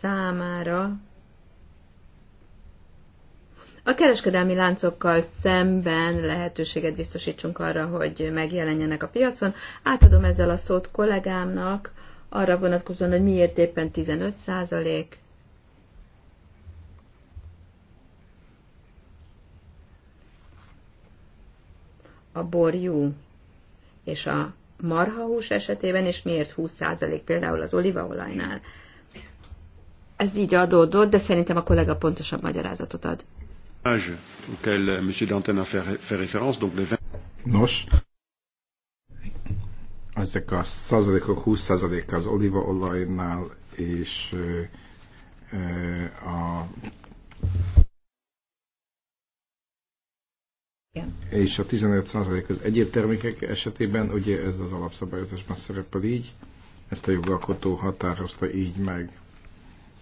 számára a kereskedelmi láncokkal szemben lehetőséget biztosítsunk arra, hogy megjelenjenek a piacon. Átadom ezzel a szót kollégámnak, arra vonatkozóan, hogy miért éppen 15 százalék, a borjú és a marhahús esetében, és miért 20% százalék, például az olívaolajnál. Ez így adódott, de szerintem a kollega pontosabb magyarázatot ad. Nos, ezek a százalékok 20% az olívaolajnál és a Igen. És a 15% az egyéb termékek esetében, ugye ez az alapszabályozásban szerepel így, ezt a jogalkotó határozta így meg.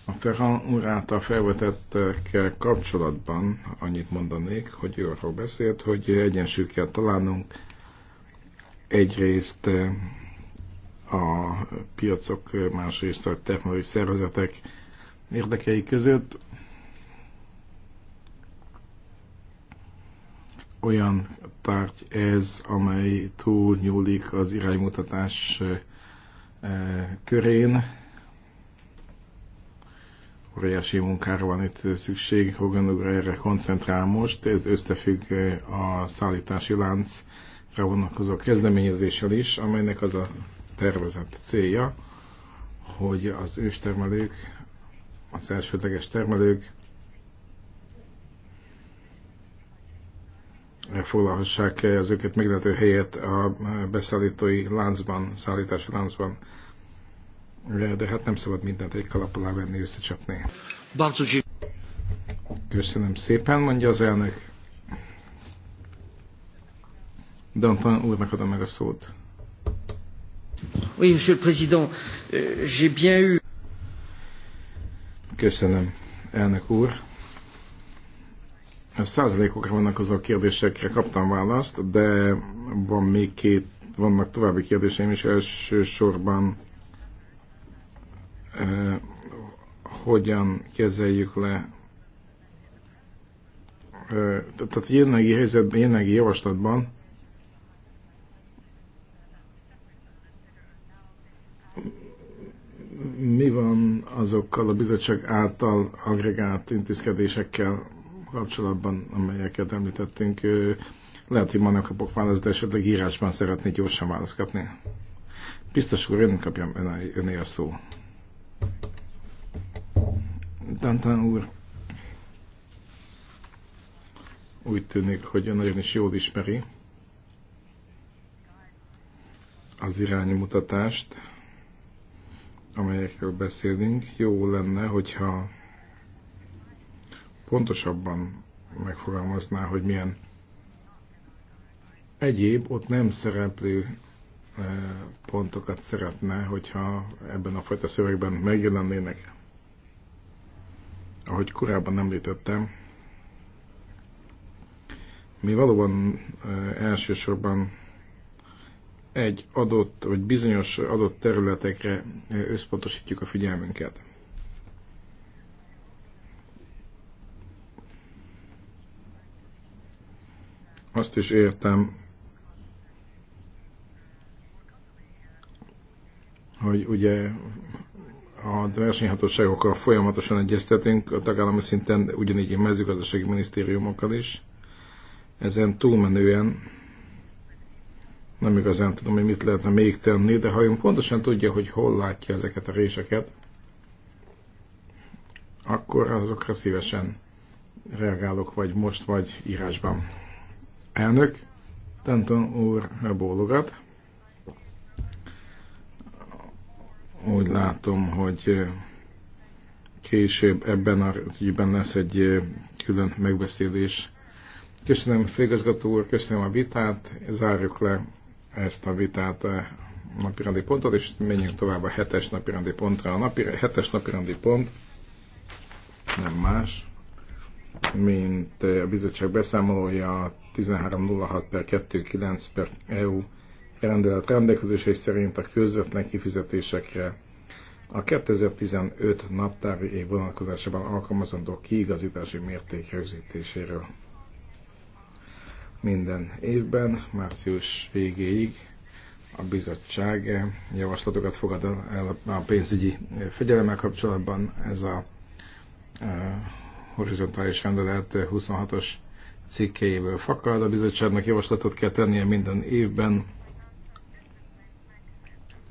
A Ferran úr által felvetettekkel kapcsolatban annyit mondanék, hogy ő arról beszélt, hogy egyensúly kell találnunk egyrészt eh, a piacok, eh, másrészt a termelői szervezetek érdekei között. Olyan tárgy ez, amely túl nyúlik az iránymutatás eh, körén. Óriási munkára van itt szükség, Hogan erre koncentrál most, ez összefügg a szállítási lánc vonatkozó kezdeményezéssel is, amelynek az a tervezett célja, hogy az őstermelők, az elsődleges termelők foglalhassák az őket meglehető helyet a beszállítói láncban, szállítási láncban. De hát nem szabad mindent egy kalap alá venni, összecsapni. Köszönöm szépen, mondja az elnök. Danton úrnak adom meg a szót. Oui, monsieur le président, euh, j'ai bien eu... Köszönöm, elnök úr. A százalékokra vannak azok a kérdésekre kaptam választ, de van még két, vannak további kérdéseim is elsősorban eh, hogyan kezeljük le eh, tehát jelenlegi helyzetben, jelenlegi javaslatban mi van azokkal a bizottság által agregált intézkedésekkel kapcsolatban, amelyeket említettünk? Lehet, hogy majd kapok választ, de esetleg írásban szeretnék gyorsan választ kapni. Biztos úr, én kapjam öné a szó. Dantan úr, úgy tűnik, hogy ön nagyon is jól ismeri az iránymutatást amelyekről beszélünk, jó lenne, hogyha pontosabban megfogalmazná, hogy milyen egyéb ott nem szereplő e, pontokat szeretne, hogyha ebben a fajta szövegben megjelennének. Ahogy korábban említettem, mi valóban e, elsősorban egy adott, vagy bizonyos adott területekre eh, összpontosítjuk a figyelmünket. Azt is értem, hogy ugye a versenyhatóságokkal folyamatosan egyeztetünk, a tagállami szinten ugyanígy a mezőgazdasági minisztériumokkal is. Ezen túlmenően nem igazán tudom, hogy mit lehetne még tenni, de ha ön pontosan tudja, hogy hol látja ezeket a réseket, akkor azokra szívesen reagálok, vagy most, vagy írásban. Elnök, Tanton úr bólogat. Úgy látom, hogy később ebben a ügyben lesz egy külön megbeszélés. Köszönöm, főigazgató úr, köszönöm a vitát, zárjuk le ezt a vitát a eh, napirendi pontot, és menjünk tovább a hetes napirendi pontra. A napi, hetes napirendi pont nem más, mint eh, a bizottság beszámolója 1306 per 29 per EU rendelet rendelkezései szerint a közvetlen kifizetésekre a 2015 naptári év vonatkozásában alkalmazandó kiigazítási mérték rögzítéséről minden évben, március végéig a bizottság javaslatokat fogad el a pénzügyi fegyelemmel kapcsolatban. Ez a e, horizontális rendelet 26-os cikkeiből fakad. A bizottságnak javaslatot kell tennie minden évben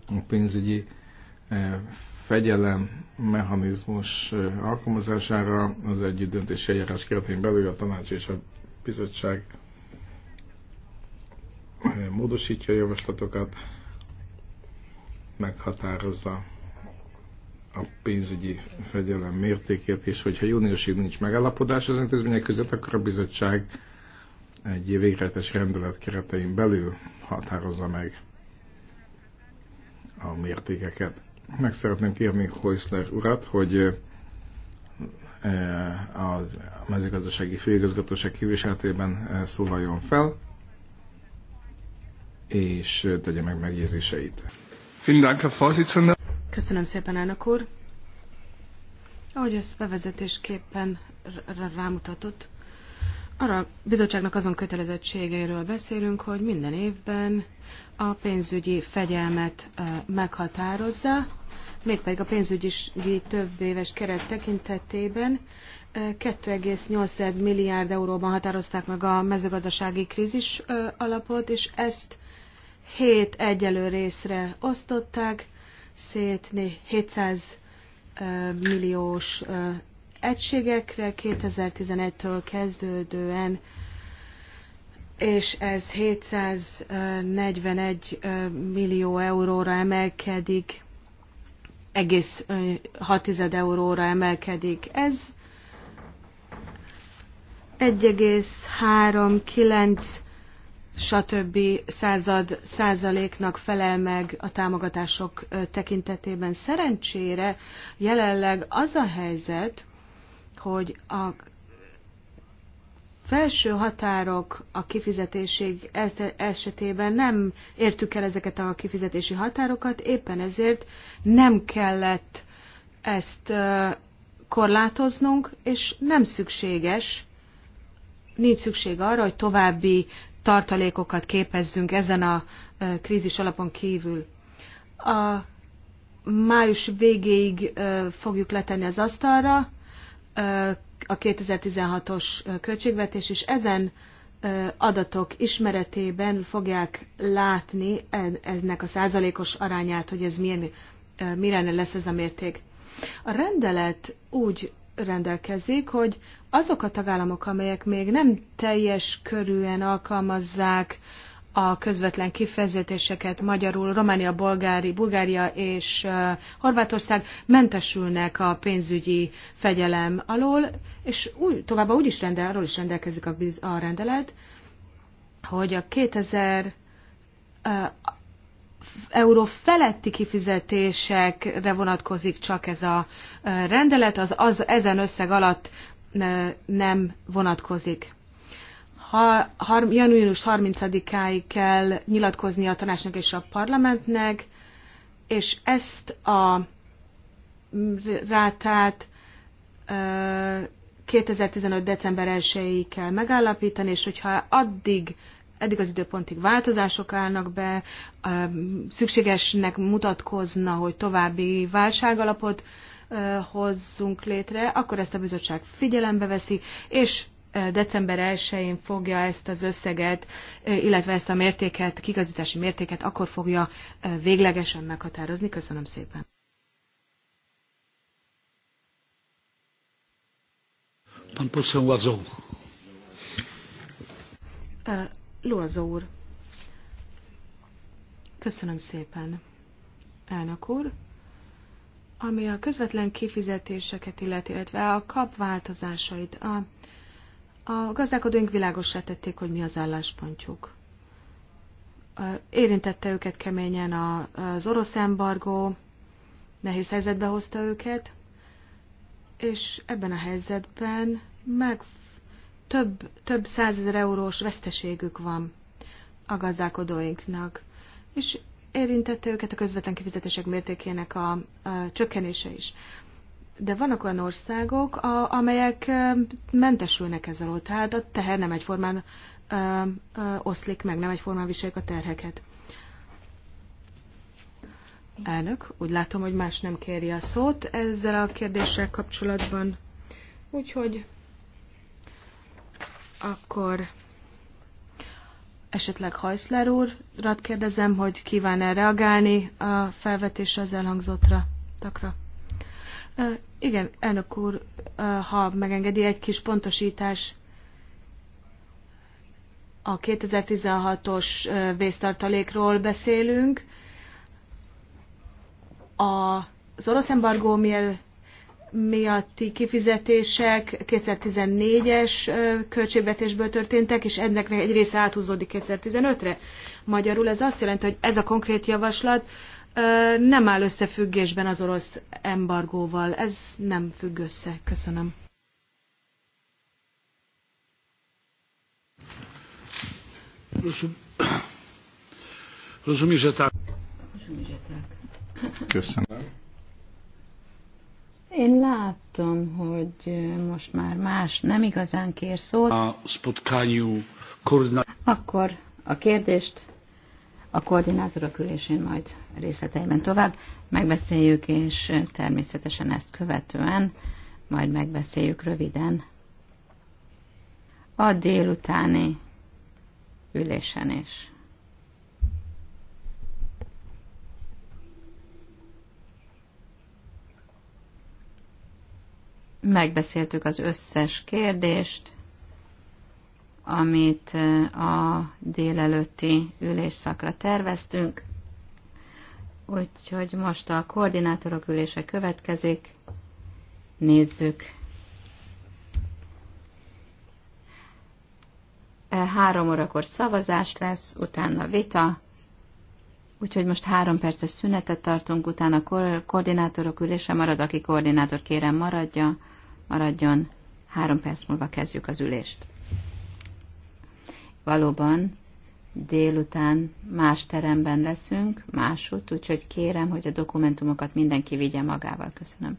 a pénzügyi e, fegyelem mechanizmus e, alkalmazására az együtt döntési eljárás keretén belül a tanács és a bizottság módosítja a javaslatokat, meghatározza a pénzügyi fegyelem mértékét, és hogyha júniusig nincs megállapodás az intézmények között, akkor a bizottság egy végrehajtás rendelet keretein belül határozza meg a mértékeket. Meg szeretném kérni Heusler urat, hogy eh, a mezőgazdasági főigazgatóság képviseletében eh, szólaljon fel és tegye meg megjegyzéseit. Köszönöm szépen, elnök úr. Ahogy ezt bevezetésképpen rámutatott, arra a bizottságnak azon kötelezettségeiről beszélünk, hogy minden évben a pénzügyi fegyelmet meghatározza, mégpedig a pénzügyi több éves keret tekintetében 2,8 milliárd euróban határozták meg a mezőgazdasági krízis alapot, és ezt hét egyelő részre osztották szét 700 milliós egységekre 2011-től kezdődően, és ez 741 millió euróra emelkedik, egész 6 euróra emelkedik. Ez 1,39 stb. század százaléknak felel meg a támogatások tekintetében. Szerencsére jelenleg az a helyzet, hogy a felső határok a kifizetésig esetében nem értük el ezeket a kifizetési határokat, éppen ezért nem kellett ezt korlátoznunk, és nem szükséges, nincs szükség arra, hogy további tartalékokat képezzünk ezen a krízis alapon kívül. A május végéig fogjuk letenni az asztalra a 2016-os költségvetés, és ezen adatok ismeretében fogják látni eznek a százalékos arányát, hogy ez milyen, mire lesz ez a mérték. A rendelet úgy rendelkezik, hogy azok a tagállamok, amelyek még nem teljes körűen alkalmazzák a közvetlen kifejezéseket magyarul Románia, Bulgári, Bulgária és uh, Horvátország mentesülnek a pénzügyi fegyelem alól, és úgy, továbbá úgy is rendel, arról is rendelkezik a, biz, a rendelet, hogy a 2000 uh, euró feletti kifizetésekre vonatkozik csak ez a rendelet, az, az ezen összeg alatt nem vonatkozik. Ha, har, januárus 30-áig kell nyilatkozni a tanácsnak és a parlamentnek, és ezt a rátát 2015. december 1-ig kell megállapítani, és hogyha addig, eddig az időpontig változások állnak be, szükségesnek mutatkozna, hogy további válságalapot hozzunk létre, akkor ezt a bizottság figyelembe veszi, és december 1-én fogja ezt az összeget, illetve ezt a mértéket, kigazítási mértéket akkor fogja véglegesen meghatározni. Köszönöm szépen. Pan poseł Łazą. úr. Köszönöm szépen, elnök úr. Ami a közvetlen kifizetéseket illet, illetve a kap változásait, a, a gazdálkodóink világosra tették, hogy mi az álláspontjuk. Érintette őket keményen az orosz embargó, nehéz helyzetbe hozta őket, és ebben a helyzetben meg több, több százezer eurós veszteségük van a gazdálkodóinknak. És érintette őket a közvetlen kifizetések mértékének a, a csökkenése is. De vannak olyan országok, a, amelyek mentesülnek ezzel alól, tehát a teher nem egyformán ö, ö, oszlik meg, nem egyformán viselik a terheket. Elnök, úgy látom, hogy más nem kéri a szót ezzel a kérdéssel kapcsolatban. Úgyhogy akkor Esetleg Hajszler úrat kérdezem, hogy kíván-e reagálni a felvetésre az elhangzottra takra. Igen, elnök úr, ha megengedi egy kis pontosítás a 2016-os vésztartalékról beszélünk. Az orosz embargó miel miatti kifizetések 2014-es költségvetésből történtek, és ennek egy része áthúzódik 2015-re. Magyarul ez azt jelenti, hogy ez a konkrét javaslat nem áll összefüggésben az orosz embargóval. Ez nem függ össze. Köszönöm. Köszönöm. Én látom, hogy most már más nem igazán kér szót. A spotkaniu Akkor a kérdést a koordinátorok ülésén majd részleteiben tovább megbeszéljük, és természetesen ezt követően majd megbeszéljük röviden a délutáni ülésen is. Megbeszéltük az összes kérdést, amit a délelőtti ülésszakra terveztünk. Úgyhogy most a koordinátorok ülése következik. Nézzük. E, három órakor szavazás lesz, utána vita, Úgyhogy most három perces szünetet tartunk, utána a koordinátorok ülése marad, aki koordinátor kérem maradja, maradjon. Három perc múlva kezdjük az ülést. Valóban délután más teremben leszünk, másút, úgyhogy kérem, hogy a dokumentumokat mindenki vigye magával. Köszönöm.